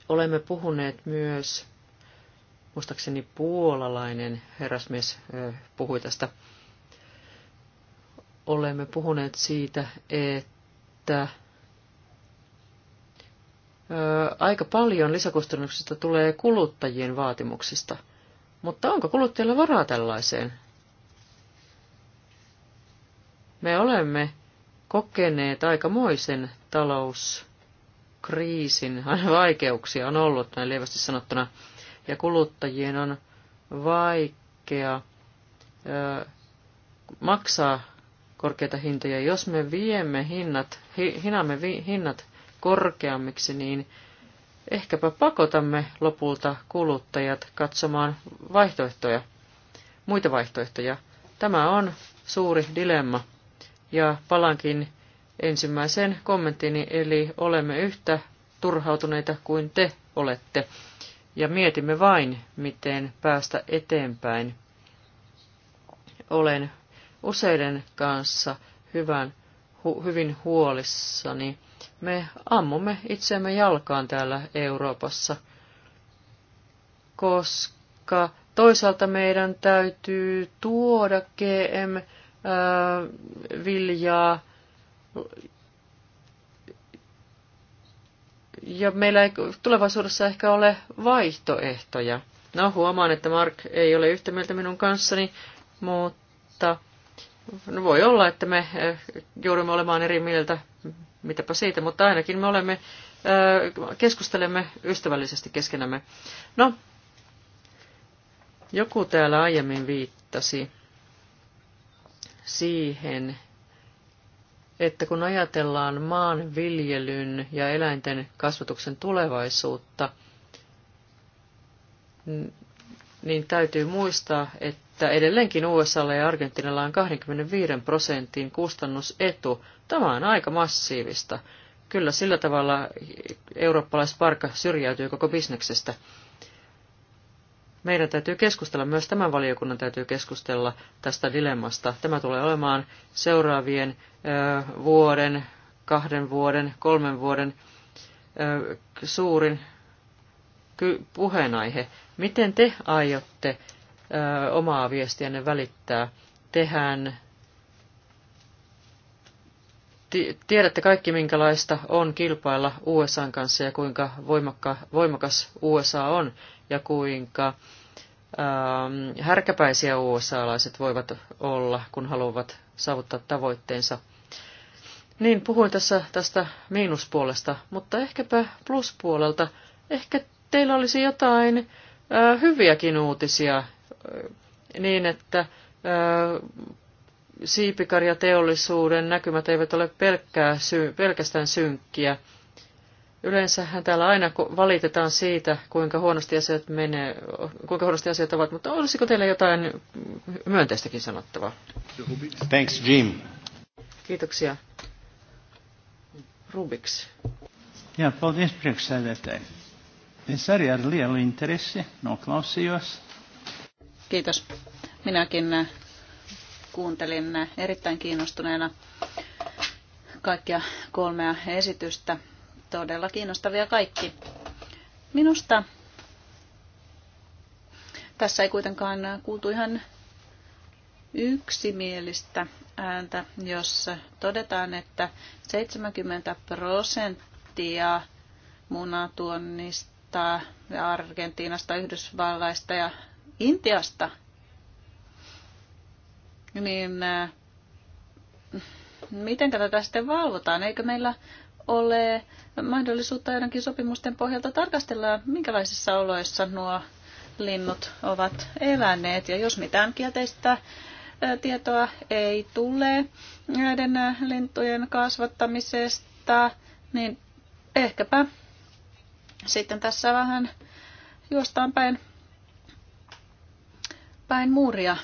Olemme puhuneet myös, muistaakseni puolalainen herrasmies puhui tästä, olemme puhuneet siitä, että aika paljon lisäkustannuksista tulee kuluttajien vaatimuksista. Mutta onko kuluttajilla varaa tällaiseen? Me olemme kokeneet aikamoisen talouskriisin, vaikeuksia on ollut näin lievästi sanottuna, ja kuluttajien on vaikea ö, maksaa korkeita hintoja. Jos me viemme hinnat, hi, hinamme vi, hinnat korkeammiksi, niin ehkäpä pakotamme lopulta kuluttajat katsomaan vaihtoehtoja, muita vaihtoehtoja. Tämä on suuri dilemma ja palankin ensimmäiseen kommenttini, eli olemme yhtä turhautuneita kuin te olette, ja mietimme vain, miten päästä eteenpäin. Olen useiden kanssa hyvän, hu, hyvin huolissani. Me ammumme itsemme jalkaan täällä Euroopassa, koska toisaalta meidän täytyy tuoda GM Eh, viljaa. Ja meillä ei tulevaisuudessa ehkä ole vaihtoehtoja. No huomaan, että Mark ei ole yhtä mieltä minun kanssani, mutta no, voi olla, että me eh, joudumme olemaan eri mieltä, mitäpä siitä, mutta ainakin me olemme, eh, keskustelemme ystävällisesti keskenämme. No, joku täällä aiemmin viittasi siihen, että kun ajatellaan maan viljelyn ja eläinten kasvatuksen tulevaisuutta, niin täytyy muistaa, että edelleenkin USA ja Argentinalla on 25 prosentin kustannusetu. Tämä on aika massiivista. Kyllä sillä tavalla eurooppalaisparka syrjäytyy koko bisneksestä meidän täytyy keskustella, myös tämän valiokunnan täytyy keskustella tästä dilemmasta. Tämä tulee olemaan seuraavien ö, vuoden, kahden vuoden, kolmen vuoden ö, suurin ky- puheenaihe. Miten te aiotte ö, omaa viestiänne välittää? Tehän tiedätte kaikki, minkälaista on kilpailla USA kanssa ja kuinka voimakka, voimakas USA on ja kuinka ähm, härkäpäisiä USA-alaiset voivat olla, kun haluavat saavuttaa tavoitteensa. Niin, puhuin tässä tästä miinuspuolesta, mutta ehkäpä pluspuolelta. Ehkä teillä olisi jotain äh, hyviäkin uutisia äh, niin, että äh, siipikarjateollisuuden näkymät eivät ole pelkkää, sy, pelkästään synkkiä. Yleensähän täällä aina valitetaan siitä, kuinka huonosti asiat menee, kuinka huonosti asiat ovat, mutta olisiko teillä jotain myönteistäkin sanottavaa? Thanks, Jim. Kiitoksia. Rubiks. Jā, paldies priekšsēdētāji. Es arī liian lielu no noklausījos. Kiitos. Minäkin eh, kuuntelin eh, erittäin kiinnostuneena kaikkia kolmea esitystä todella kiinnostavia kaikki. Minusta tässä ei kuitenkaan kuultu ihan yksimielistä ääntä, jossa todetaan, että 70 prosenttia munatuonnista ja Argentiinasta, Yhdysvallaista ja Intiasta, niin äh, miten tätä sitten valvotaan? Eikö meillä ole mahdollisuutta joidenkin sopimusten pohjalta tarkastella, minkälaisissa oloissa nuo linnut ovat eläneet. Ja jos mitään kielteistä tietoa ei tule näiden lintujen kasvattamisesta, niin ehkäpä sitten tässä vähän juostaan päin, päin muuria.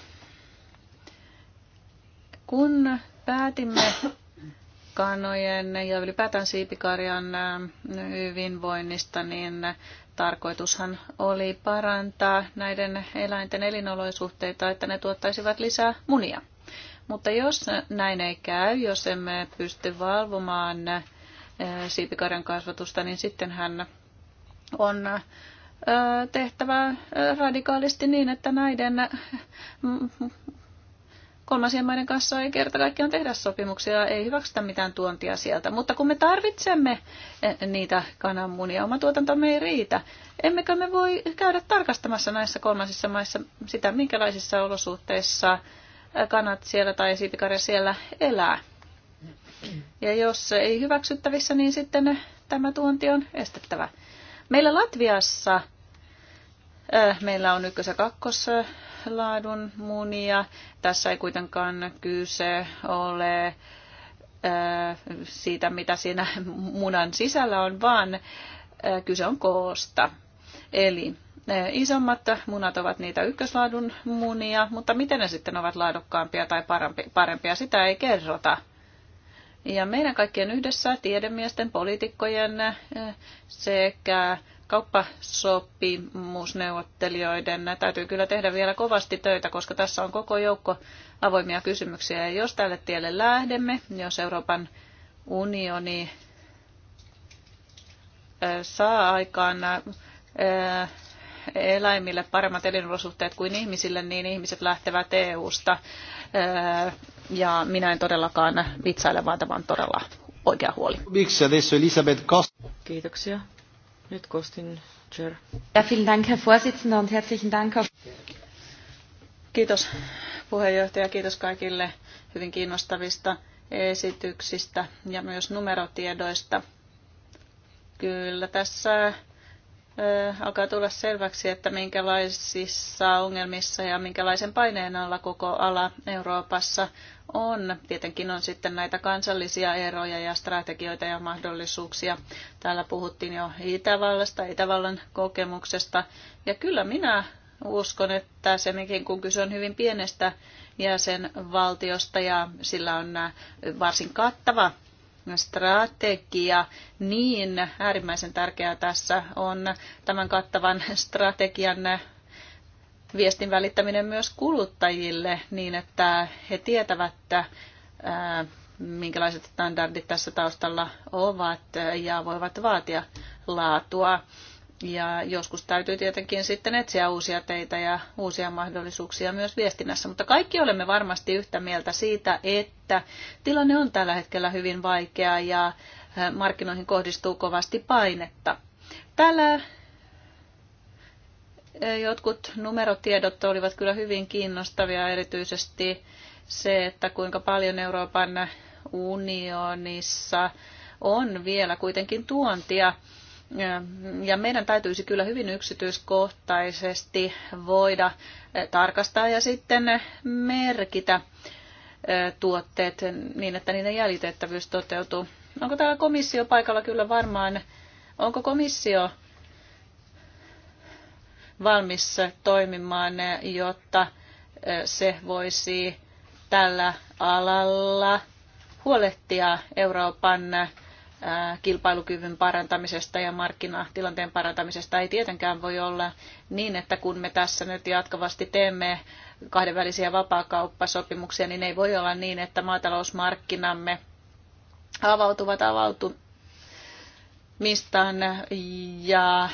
Kun päätimme kanojen ja ylipäätään siipikarjan äh, hyvinvoinnista, niin tarkoitushan oli parantaa näiden eläinten elinolosuhteita, että ne tuottaisivat lisää munia. Mutta jos näin ei käy, jos emme pysty valvomaan äh, siipikarjan kasvatusta, niin sittenhän on äh, tehtävä radikaalisti niin, että näiden kolmansien maiden kanssa ei kerta kaikkiaan tehdä sopimuksia, ei hyväksytä mitään tuontia sieltä. Mutta kun me tarvitsemme eh, niitä kananmunia, oma tuotantomme ei riitä. Emmekö me voi käydä tarkastamassa näissä kolmansissa maissa sitä, minkälaisissa olosuhteissa eh, kanat siellä tai siipikarja siellä elää. Ja jos ei hyväksyttävissä, niin sitten eh, tämä tuonti on estettävä. Meillä Latviassa Meillä on ykkös- ja kakkos laadun munia. Tässä ei kuitenkaan kyse ole äh, siitä, mitä siinä munan sisällä on, vaan äh, kyse on koosta. Eli äh, isommat munat ovat niitä ykköslaadun munia, mutta miten ne sitten ovat laadukkaampia tai parempia, sitä ei kerrota. Ja meidän kaikkien yhdessä, tiedemiesten, poliitikkojen sekä kauppasopimusneuvottelijoiden täytyy kyllä tehdä vielä kovasti töitä, koska tässä on koko joukko avoimia kysymyksiä. Ja jos tälle tielle lähdemme, jos Euroopan unioni saa aikaan eläimille paremmat elinolosuhteet kuin ihmisille, niin ihmiset lähtevät EU-sta. Ja minä en todellakaan vitsaile, vaan tämä on todella oikea huoli. Kiitoksia. Nyt Kostin Jer. Ja, vielen Dank, Herr Vorsitzender, und herzlichen Dank Kiitos puheenjohtaja, kiitos kaikille hyvin kiinnostavista esityksistä ja myös numerotiedoista. Kyllä tässä alkaa tulla selväksi, että minkälaisissa ongelmissa ja minkälaisen paineen alla koko ala Euroopassa on. Tietenkin on sitten näitä kansallisia eroja ja strategioita ja mahdollisuuksia. Täällä puhuttiin jo Itävallasta, Itävallan kokemuksesta. Ja kyllä minä uskon, että se, mikin kun kyse on hyvin pienestä jäsenvaltiosta ja sillä on varsin kattava strategia, niin äärimmäisen tärkeää tässä on tämän kattavan strategian viestin välittäminen myös kuluttajille niin, että he tietävät, että minkälaiset standardit tässä taustalla ovat ja voivat vaatia laatua. Ja joskus täytyy tietenkin sitten etsiä uusia teitä ja uusia mahdollisuuksia myös viestinnässä. Mutta kaikki olemme varmasti yhtä mieltä siitä, että tilanne on tällä hetkellä hyvin vaikea ja eh, markkinoihin kohdistuu kovasti painetta. Täällä eh, jotkut numerotiedot olivat kyllä hyvin kiinnostavia, erityisesti se, että kuinka paljon Euroopan unionissa on vielä kuitenkin tuontia ja meidän täytyisi kyllä hyvin yksityiskohtaisesti voida eh, tarkastaa ja sitten eh, merkitä eh, tuotteet niin, että niiden jäljitettävyys toteutuu. Onko täällä komissio paikalla kyllä varmaan? Onko komissio valmis toimimaan, jotta se voisi tällä alalla huolehtia Euroopan kilpailukyvyn parantamisesta ja markkinatilanteen parantamisesta ei tietenkään voi olla niin, että kun me tässä nyt jatkuvasti teemme kahdenvälisiä vapaakauppasopimuksia, niin ei voi olla niin, että maatalousmarkkinamme avautuvat avautumistaan ja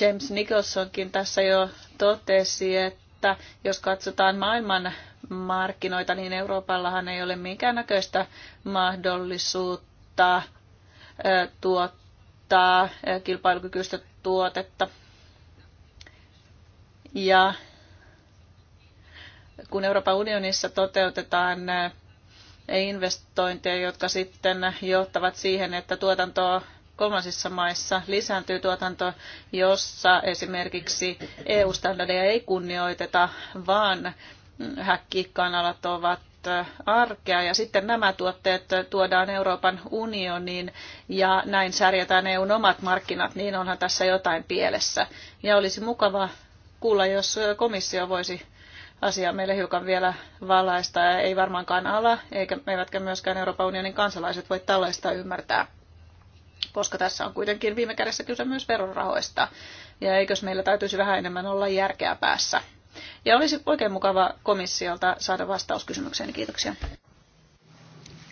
James Nicholsonkin tässä jo totesi, että että jos katsotaan maailman markkinoita, niin Euroopallahan ei ole minkäännäköistä mahdollisuutta tuottaa kilpailukykyistä tuotetta. Ja kun Euroopan unionissa toteutetaan investointeja, jotka sitten johtavat siihen, että tuotantoa kolmansissa maissa lisääntyy tuotanto, jossa esimerkiksi EU-standardeja ei kunnioiteta, vaan häkkikanalat ovat arkea ja sitten nämä tuotteet tuodaan Euroopan unioniin ja näin särjetään EUn omat markkinat, niin onhan tässä jotain pielessä. Ja olisi mukava kuulla, jos komissio voisi asiaa meille hiukan vielä valaista. Ei varmaankaan ala, eikä, eivätkä myöskään Euroopan unionin kansalaiset voi tällaista ymmärtää koska tässä on kuitenkin viime kädessä kyse myös verorahoista. Ja eikös meillä täytyisi vähän enemmän olla järkeä päässä? Ja olisi oikein mukava komissiolta saada vastaus kysymykseen. Kiitoksia.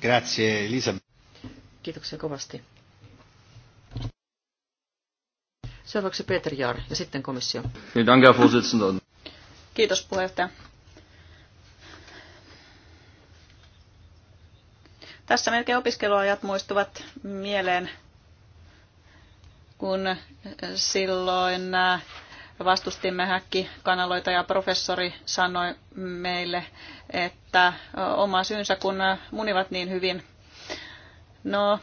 Grazie, Elisa. Kiitoksia kovasti. Seuraavaksi Peter Jaar ja sitten komissio. Kiitos puheenjohtaja. Tässä melkein opiskeluajat muistuvat mieleen kun silloin äh, vastustimme häkkikanaloita ja professori sanoi meille, että äh, oma syynsä kun äh, munivat niin hyvin. No,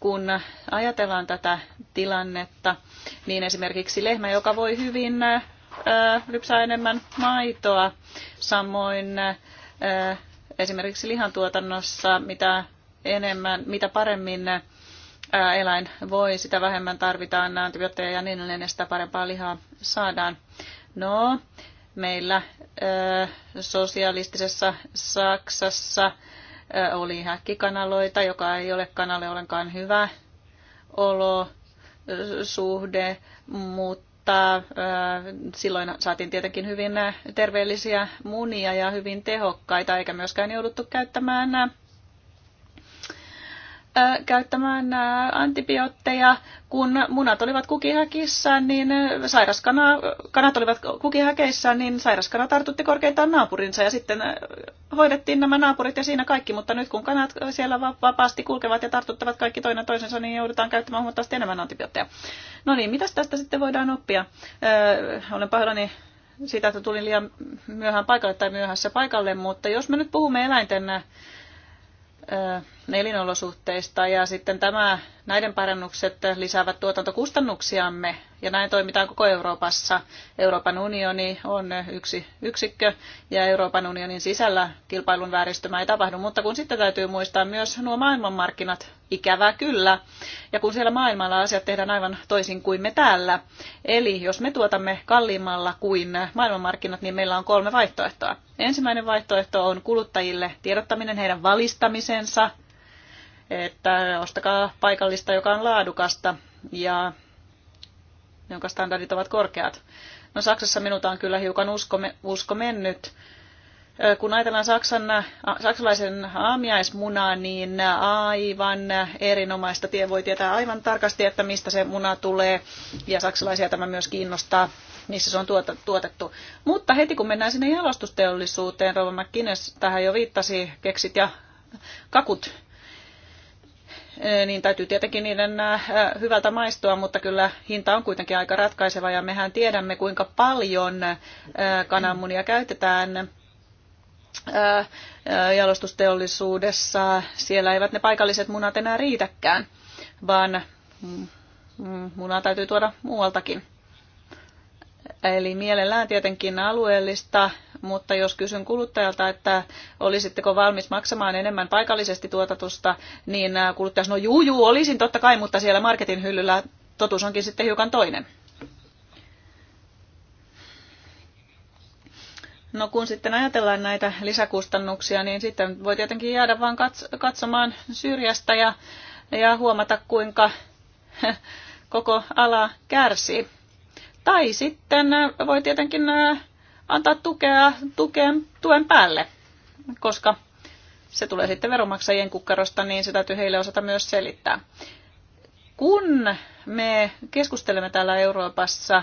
kun ajatellaan tätä tilannetta, niin esimerkiksi lehmä, joka voi hyvin lypsää enemmän maitoa, samoin esimerkiksi lihantuotannossa, mitä enemmän, mitä paremmin eläin voi, sitä vähemmän tarvitaan antibiootteja ja niin edelleen, sitä parempaa lihaa saadaan. No, meillä ö, sosialistisessa Saksassa ö, oli häkkikanaloita, joka ei ole kanalle ollenkaan hyvä olo, suhde, mutta ö, silloin saatiin tietenkin hyvin terveellisiä munia ja hyvin tehokkaita, eikä myöskään jouduttu käyttämään käyttämään antibiootteja. Kun munat olivat kukihäkissä, niin sairaskana, kanat olivat kukihäkeissä, niin sairaskana tartutti korkeintaan naapurinsa ja sitten hoidettiin nämä naapurit ja siinä kaikki, mutta nyt kun kanat siellä vapaasti kulkevat ja tartuttavat kaikki toinen toisensa, niin joudutaan käyttämään huomattavasti enemmän antibiootteja. No niin, mitäs tästä sitten voidaan oppia? Öö, olen pahoillani siitä että tulin liian myöhään paikalle tai myöhässä paikalle, mutta jos me nyt puhumme eläinten elinolosuhteista ja sitten tämä, näiden parannukset lisäävät tuotantokustannuksiamme ja näin toimitaan koko Euroopassa. Euroopan unioni on yksi yksikkö ja Euroopan unionin sisällä kilpailun vääristymä ei tapahdu, mutta kun sitten täytyy muistaa myös nuo maailmanmarkkinat Ikävää kyllä. Ja kun siellä maailmalla asiat tehdään aivan toisin kuin me täällä. Eli jos me tuotamme kalliimmalla kuin maailmanmarkkinat, niin meillä on kolme vaihtoehtoa. Ensimmäinen vaihtoehto on kuluttajille tiedottaminen, heidän valistamisensa, että ostakaa paikallista, joka on laadukasta ja jonka standardit ovat korkeat. No Saksassa minulta on kyllä hiukan usko, usko mennyt kun ajatellaan Saksan, saksalaisen aamiaismunaa, niin aivan erinomaista tie voi tietää aivan tarkasti, että mistä se muna tulee. Ja saksalaisia tämä myös kiinnostaa, missä se on tuota, tuotettu. Mutta heti kun mennään sinne jalostusteollisuuteen, Rova McKinnes tähän jo viittasi, keksit ja kakut, niin täytyy tietenkin niiden hyvältä maistua, mutta kyllä hinta on kuitenkin aika ratkaiseva ja mehän tiedämme kuinka paljon kananmunia käytetään jalostusteollisuudessa, siellä eivät ne paikalliset munat enää riitäkään, vaan mm, mm, munaa täytyy tuoda muualtakin. Eli mielellään tietenkin alueellista, mutta jos kysyn kuluttajalta, että olisitteko valmis maksamaan enemmän paikallisesti tuotatusta, niin kuluttaja sanoo, juu, juu, olisin totta kai, mutta siellä marketin hyllyllä totuus onkin sitten hiukan toinen. No kun sitten ajatellaan näitä lisäkustannuksia, niin sitten voi tietenkin jäädä vaan katsomaan syrjästä ja, ja huomata, kuinka koko ala kärsii. Tai sitten äh, voi tietenkin äh, antaa tukea tukeen, tuen päälle, koska se tulee sitten veronmaksajien kukkarosta, niin se täytyy heille osata myös selittää. Kun me keskustelemme täällä Euroopassa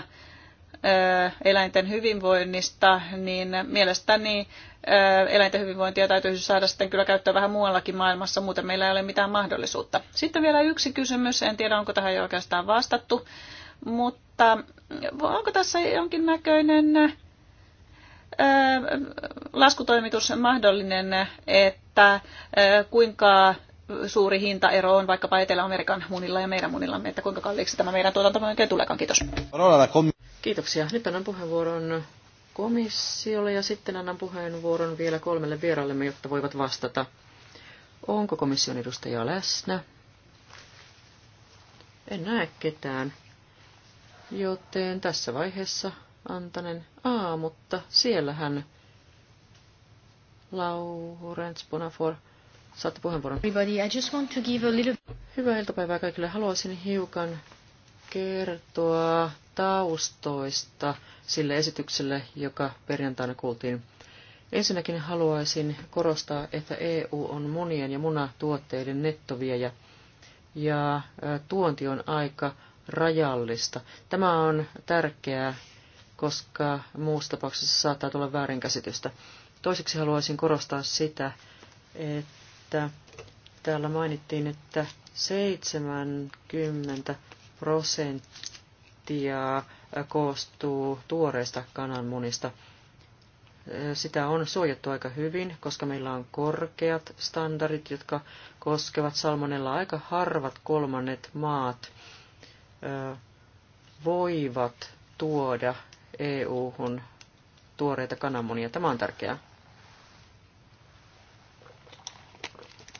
eläinten hyvinvoinnista, niin mielestäni eläinten hyvinvointia täytyisi saada sitten kyllä käyttää vähän muuallakin maailmassa, muuten meillä ei ole mitään mahdollisuutta. Sitten vielä yksi kysymys, en tiedä onko tähän jo oikeastaan vastattu, mutta mm, onko tässä jonkinnäköinen laskutoimitus mahdollinen, että kuinka suuri hintaero on vaikkapa Etelä-Amerikan munilla ja meidän munilla, että kuinka kalliiksi tämä meidän tuotantomme oikein tuleekaan. Kiitos. Kiitoksia. Nyt annan puheenvuoron komissiolle ja sitten annan puheenvuoron vielä kolmelle vieraillemme, jotta voivat vastata. Onko komission edustaja läsnä? En näe ketään. Joten tässä vaiheessa Antanen A, mutta siellähän Laurens Bonafor saatte puheenvuoron. Hyvää iltapäivää kaikille. Haluaisin hiukan kertoa taustoista sille esitykselle, joka perjantaina kuultiin. Ensinnäkin haluaisin korostaa, että EU on monien ja munatuotteiden nettoviejä ja tuonti on aika rajallista. Tämä on tärkeää, koska muussa tapauksessa saattaa tulla väärinkäsitystä. Toiseksi haluaisin korostaa sitä, että täällä mainittiin, että 70 prosenttia koostuu tuoreista kananmunista. Sitä on suojattu aika hyvin, koska meillä on korkeat standardit, jotka koskevat salmonella aika harvat kolmannet maat voivat tuoda EU-hun tuoreita kananmunia. Tämä on tärkeää.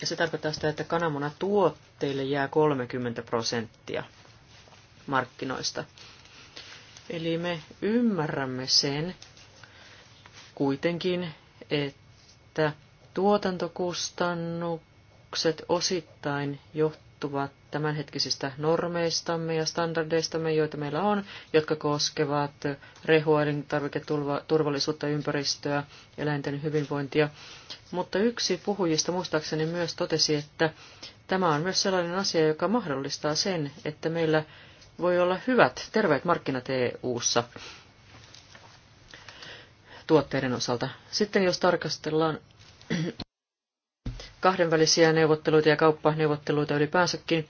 Ja se tarkoittaa sitä, että kananmunatuotteille jää 30 prosenttia markkinoista. Eli me ymmärrämme sen kuitenkin, että tuotantokustannukset osittain johtuvat tämänhetkisistä normeistamme ja standardeistamme, joita meillä on, jotka koskevat rehua, elintarviketurvallisuutta, ympäristöä, eläinten hyvinvointia. Mutta yksi puhujista muistaakseni myös totesi, että tämä on myös sellainen asia, joka mahdollistaa sen, että meillä voi olla hyvät, terveet markkinat EU-ssa tuotteiden osalta. Sitten jos tarkastellaan kahdenvälisiä neuvotteluita ja kauppaneuvotteluita ylipäänsäkin,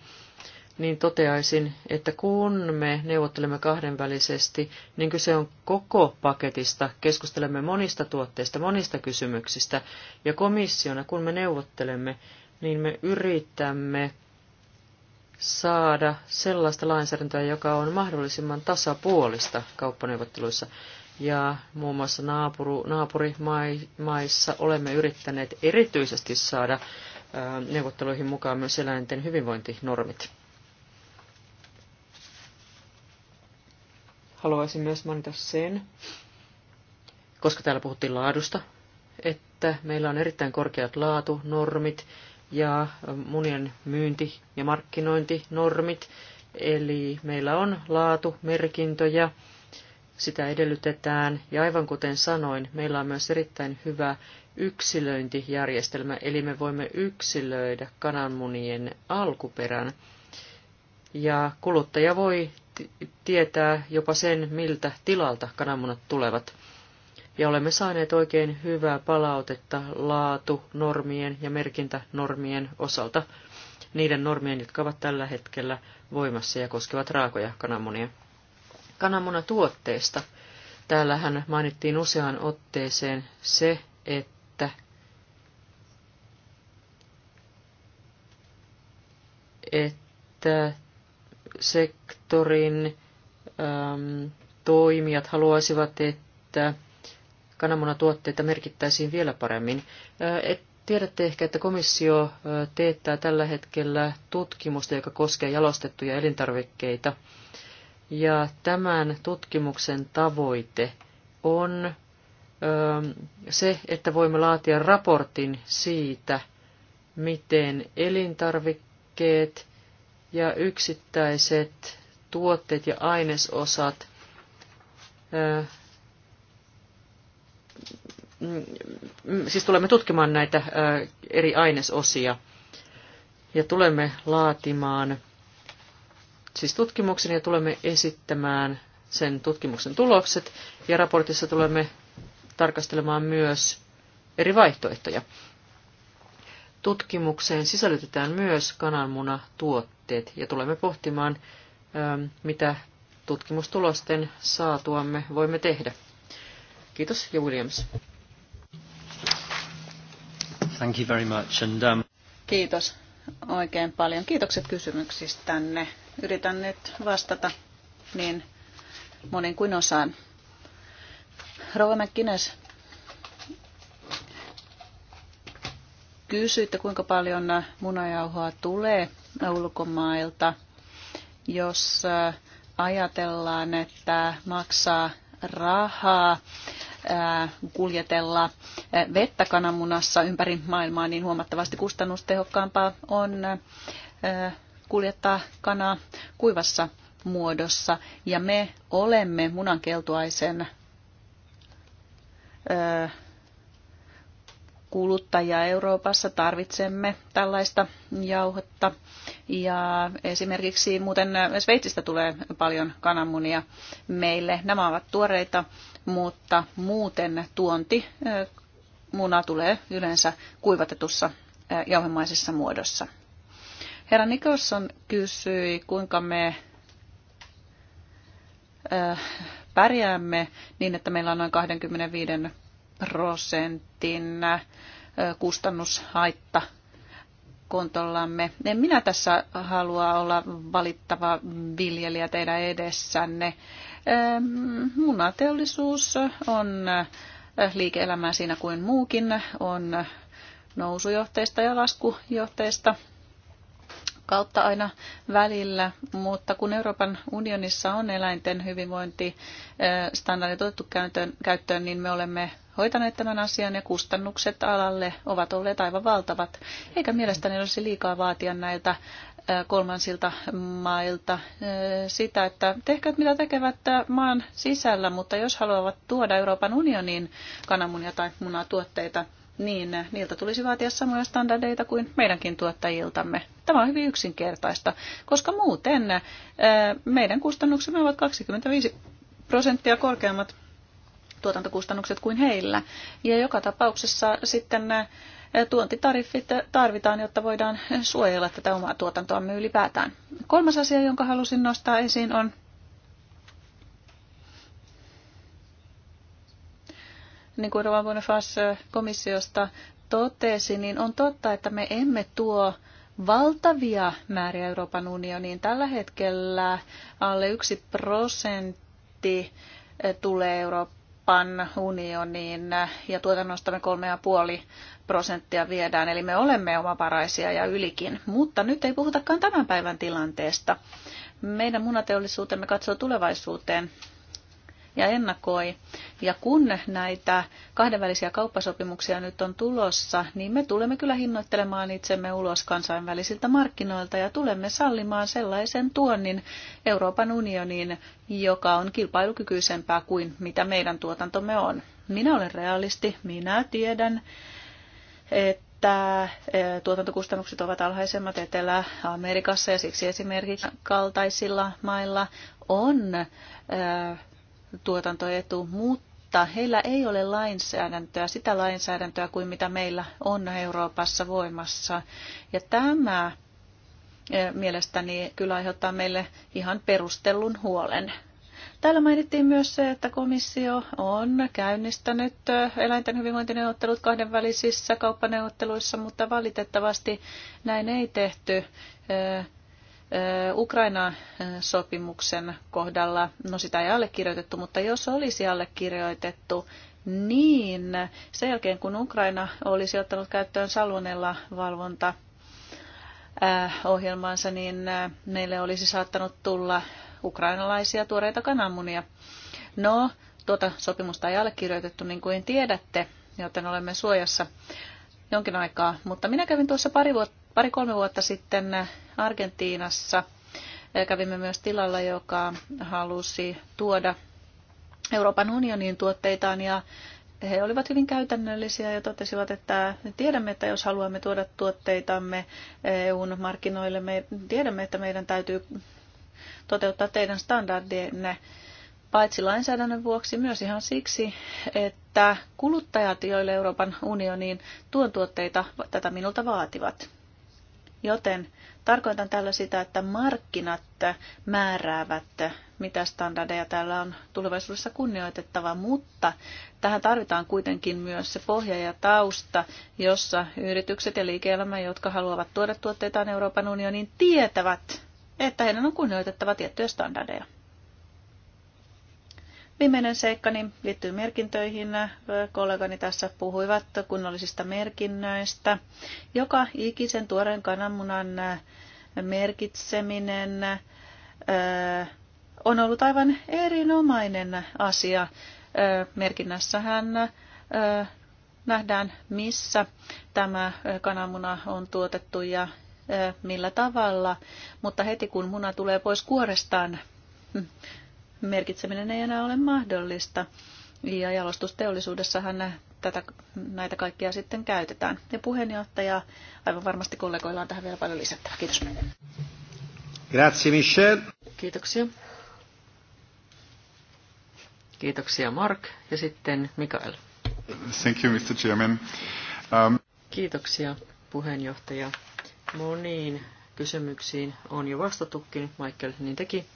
niin toteaisin, että kun me neuvottelemme kahdenvälisesti, niin kyse on koko paketista, keskustelemme monista tuotteista, monista kysymyksistä, ja komissiona, kun me neuvottelemme, niin me yritämme saada sellaista lainsäädäntöä, joka on mahdollisimman tasapuolista kauppaneuvotteluissa. Ja muun muassa naapuru, naapurimaissa olemme yrittäneet erityisesti saada neuvotteluihin mukaan myös eläinten hyvinvointinormit. Haluaisin myös mainita sen, koska täällä puhuttiin laadusta, että meillä on erittäin korkeat laatunormit, normit ja munien myynti- ja markkinointinormit. Eli meillä on laatumerkintöjä, sitä edellytetään. Ja aivan kuten sanoin, meillä on myös erittäin hyvä yksilöintijärjestelmä, eli me voimme yksilöidä kananmunien alkuperän. Ja kuluttaja voi tietää jopa sen, miltä tilalta kananmunat tulevat ja olemme saaneet oikein hyvää palautetta laatu, normien ja merkintänormien osalta, niiden normien, jotka ovat tällä hetkellä voimassa ja koskevat raakoja kananmunia. Kananmunatuotteista. Täällähän mainittiin useaan otteeseen se, että että sektorin äm, toimijat haluaisivat, että kananmunatuotteita merkittäisiin vielä paremmin. Et tiedätte ehkä, että komissio teettää tällä hetkellä tutkimusta, joka koskee jalostettuja elintarvikkeita. Ja tämän tutkimuksen tavoite on se, että voimme laatia raportin siitä, miten elintarvikkeet ja yksittäiset tuotteet ja ainesosat Mm, mm, siis tulemme tutkimaan näitä eri ainesosia ja tulemme laatimaan siis tutkimuksen ja tulemme esittämään sen tutkimuksen tulokset ja raportissa tulemme tarkastelemaan myös eri vaihtoehtoja. Tutkimukseen sisällytetään myös kananmunatuotteet ja tulemme pohtimaan, mitä tutkimustulosten saatuamme voimme tehdä. Kiitos ja Williams. Thank you very much. And, um... Kiitos oikein paljon. Kiitokset kysymyksistänne. Yritän nyt vastata niin monin kuin osaan. Rova McGuinness, kysyitte, kuinka paljon munajauhoa tulee ulkomailta, jos äh, ajatellaan, että maksaa rahaa kuljetella vettä kananmunassa ympäri maailmaa, niin huomattavasti kustannustehokkaampaa on kuljettaa kanaa kuivassa muodossa. Ja me olemme munankeltuaisen kuluttajia Euroopassa, tarvitsemme tällaista jauhetta ja esimerkiksi muuten Sveitsistä tulee paljon kananmunia meille. Nämä ovat tuoreita, mutta muuten tuonti muna tulee yleensä kuivatetussa jauhemaisessa muodossa. Herra Nicholson kysyi, kuinka me pärjäämme niin, että meillä on noin 25 prosentin kustannushaitta kontollamme. En minä tässä halua olla valittava viljelijä teidän edessänne. Munateollisuus on eh, liike-elämää siinä kuin muukin, on nousujohteista ja laskujohteista kautta aina välillä, mutta kun Euroopan unionissa on eläinten eh, standardit otettu käyttöön, niin me olemme hoitaneet tämän asian ja kustannukset alalle ovat olleet aivan valtavat. Eikä mielestäni olisi liikaa vaatia näiltä kolmansilta mailta sitä, että tehkää mitä tekevät maan sisällä, mutta jos haluavat tuoda Euroopan unioniin kananmunia tai munatuotteita, niin niiltä tulisi vaatia samoja standardeita kuin meidänkin tuottajiltamme. Tämä on hyvin yksinkertaista, koska muuten meidän kustannuksemme ovat 25 prosenttia korkeammat tuotantokustannukset kuin heillä. Ja joka tapauksessa sitten tuontitariffit tarvitaan, jotta voidaan suojella tätä omaa tuotantoamme ylipäätään. Kolmas asia, jonka halusin nostaa esiin, on niin kuin Rovan Bonifaz komissiosta totesi, niin on totta, että me emme tuo valtavia määriä Euroopan unioniin. Tällä hetkellä alle yksi prosentti tulee Euroop- Euroopan unioniin ja tuotannosta me 3,5 prosenttia viedään. Eli me olemme omavaraisia ja ylikin. Mutta nyt ei puhutakaan tämän päivän tilanteesta. Meidän munateollisuutemme katsoo tulevaisuuteen ja ennakoi. Ja kun näitä kahdenvälisiä kauppasopimuksia nyt on tulossa, niin me tulemme kyllä hinnoittelemaan itsemme ulos kansainvälisiltä markkinoilta ja tulemme sallimaan sellaisen tuonnin Euroopan unioniin, joka on kilpailukykyisempää kuin mitä meidän tuotantomme on. Minä olen realisti, minä tiedän, että että tuotantokustannukset ovat alhaisemmat Etelä-Amerikassa ja siksi esimerkiksi kaltaisilla mailla on e, tuotantoetu, mutta heillä ei ole lainsäädäntöä, sitä lainsäädäntöä kuin mitä meillä on Euroopassa voimassa. Ja tämä eh, mielestäni kyllä aiheuttaa meille ihan perustellun huolen. Täällä mainittiin myös se, että komissio on käynnistänyt eh, eläinten hyvinvointineuvottelut kahdenvälisissä kauppaneuvotteluissa, mutta valitettavasti näin ei tehty eh, Ukrainan sopimuksen kohdalla, no sitä ei allekirjoitettu, mutta jos olisi allekirjoitettu, niin sen jälkeen kun Ukraina olisi ottanut käyttöön salonella valvonta ohjelmaansa, niin meille olisi saattanut tulla ukrainalaisia tuoreita kananmunia. No, tuota sopimusta ei allekirjoitettu, niin kuin tiedätte, joten olemme suojassa jonkin aikaa. Mutta minä kävin tuossa pari vuotta Pari-kolme vuotta sitten Argentiinassa kävimme myös tilalla, joka halusi tuoda Euroopan unionin tuotteitaan ja he olivat hyvin käytännöllisiä ja totesivat, että tiedämme, että jos haluamme tuoda tuotteitamme EUn markkinoille, me tiedämme, että meidän täytyy toteuttaa teidän standardienne paitsi lainsäädännön vuoksi myös ihan siksi, että kuluttajat, joille Euroopan unioniin tuon tuotteita tätä minulta vaativat. Joten tarkoitan tällä sitä, että markkinat määräävät, mitä standardeja täällä on tulevaisuudessa kunnioitettava, mutta tähän tarvitaan kuitenkin myös se pohja ja tausta, jossa yritykset ja liike-elämä, jotka haluavat tuoda tuotteitaan Euroopan unioniin, tietävät, että heidän on kunnioitettava tiettyjä standardeja. Viimeinen seikka niin liittyy merkintöihin. Kollegani tässä puhuivat kunnollisista merkinnöistä. Joka ikisen tuoreen kananmunan merkitseminen on ollut aivan erinomainen asia. Merkinnässähän nähdään, missä tämä kananmuna on tuotettu ja millä tavalla, mutta heti kun muna tulee pois kuorestaan, merkitseminen ei enää ole mahdollista. Ja jalostusteollisuudessahan tätä, näitä kaikkia sitten käytetään. Ja puheenjohtaja, aivan varmasti kollegoilla on tähän vielä paljon lisättävää. Kiitos. Grazie Michel. Kiitoksia. Kiitoksia Mark ja sitten Mikael. Thank you, Mr. Chairman. Um... Kiitoksia puheenjohtaja. Moniin kysymyksiin on jo vastattukin, Michael niin teki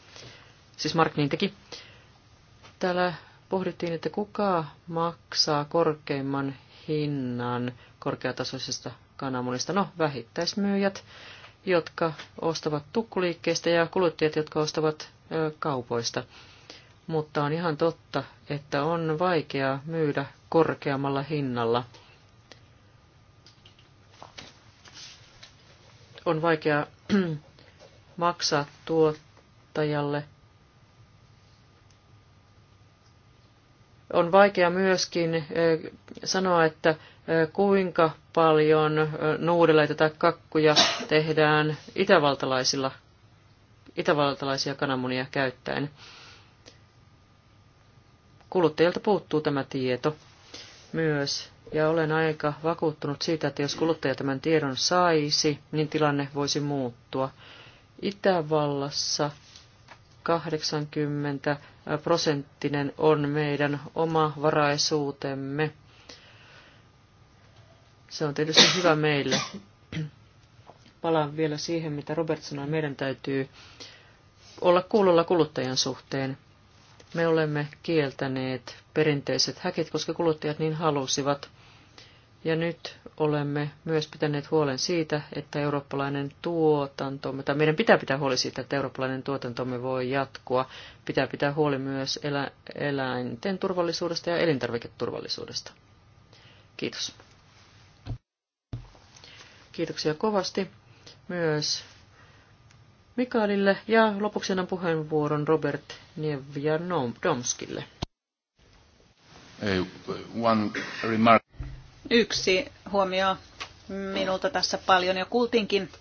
siis Mark niin teki. Täällä pohdittiin, että kuka maksaa korkeimman hinnan korkeatasoisesta kananmunista. No, vähittäismyyjät, jotka ostavat tukkuliikkeistä ja kuluttajat, jotka ostavat ö, kaupoista. Mutta on ihan totta, että on vaikea myydä korkeammalla hinnalla. On vaikea maksaa tuottajalle on vaikea myöskin sanoa, että kuinka paljon nuudeleita tai kakkuja tehdään itävaltalaisilla, itävaltalaisia kananmunia käyttäen. Kuluttajilta puuttuu tämä tieto myös, ja olen aika vakuuttunut siitä, että jos kuluttaja tämän tiedon saisi, niin tilanne voisi muuttua. Itävallassa 80 prosenttinen on meidän oma varaisuutemme. Se on tietysti hyvä meille. Palaan vielä siihen, mitä Robert sanoi. Meidän täytyy olla kuulolla kuluttajan suhteen. Me olemme kieltäneet perinteiset häkit, koska kuluttajat niin halusivat. Ja nyt olemme myös pitäneet huolen siitä, että eurooppalainen tuotanto, tai meidän pitää pitää huoli siitä, että eurooppalainen tuotantomme voi jatkua. Pitää pitää huoli myös elä, eläinten turvallisuudesta ja elintarviketurvallisuudesta. Kiitos. Kiitoksia kovasti myös Mikaelille ja lopuksi annan puheenvuoron Robert Nevjanomskille. One remark. Yksi huomio minulta tässä paljon jo kuultiinkin.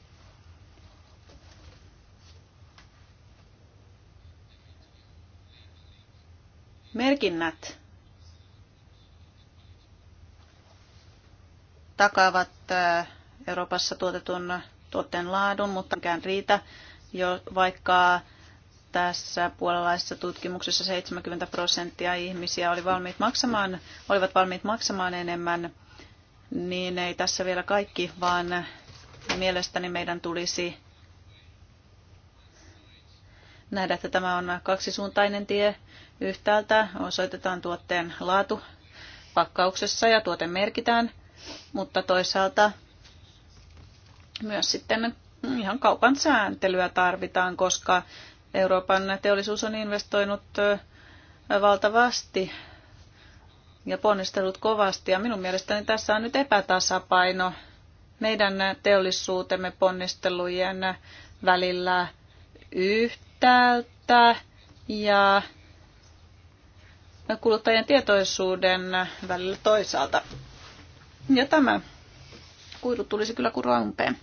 Merkinnät takaavat Euroopassa tuotetun tuotteen laadun, mutta mikään riitä, jo vaikka tässä puolalaisessa tutkimuksessa 70 prosenttia ihmisiä oli valmiit maksamaan, olivat valmiit maksamaan enemmän niin ei tässä vielä kaikki, vaan mielestäni meidän tulisi nähdä, että tämä on kaksisuuntainen tie. Yhtäältä osoitetaan tuotteen laatu pakkauksessa ja tuote merkitään, mutta toisaalta myös sitten ihan kaupan sääntelyä tarvitaan, koska Euroopan teollisuus on investoinut valtavasti ja ponnistellut kovasti. Ja minun mielestäni tässä on nyt epätasapaino meidän teollisuutemme ponnistelujen välillä yhtäältä ja kuluttajien tietoisuuden välillä toisaalta. Ja tämä kuilu tulisi kyllä kuroa umpeen.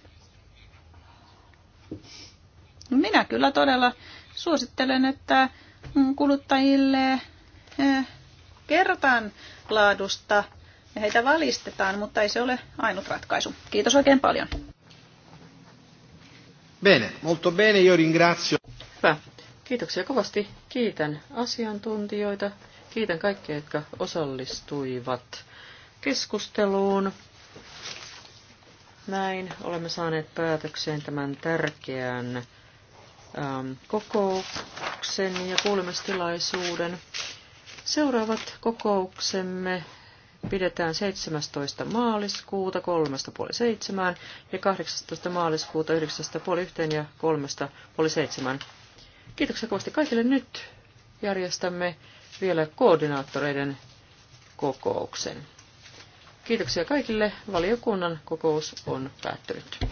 Minä kyllä todella suosittelen, että kuluttajille eh, kerrotaan laadusta ja heitä valistetaan, mutta ei se ole ainut ratkaisu. Kiitos oikein paljon. Bene, molto bene, io ringrazio. Hyvä. Kiitoksia kovasti. Kiitän asiantuntijoita. Kiitän kaikkia, jotka osallistuivat keskusteluun. Näin olemme saaneet päätökseen tämän tärkeän ähm, kokouksen ja kuulemistilaisuuden. Seuraavat kokouksemme pidetään 17. maaliskuuta 3.5.7 ja 18. maaliskuuta 9.5.1 ja 3.5.7. Kiitoksia kovasti kaikille. Nyt järjestämme vielä koordinaattoreiden kokouksen. Kiitoksia kaikille. Valiokunnan kokous on päättynyt.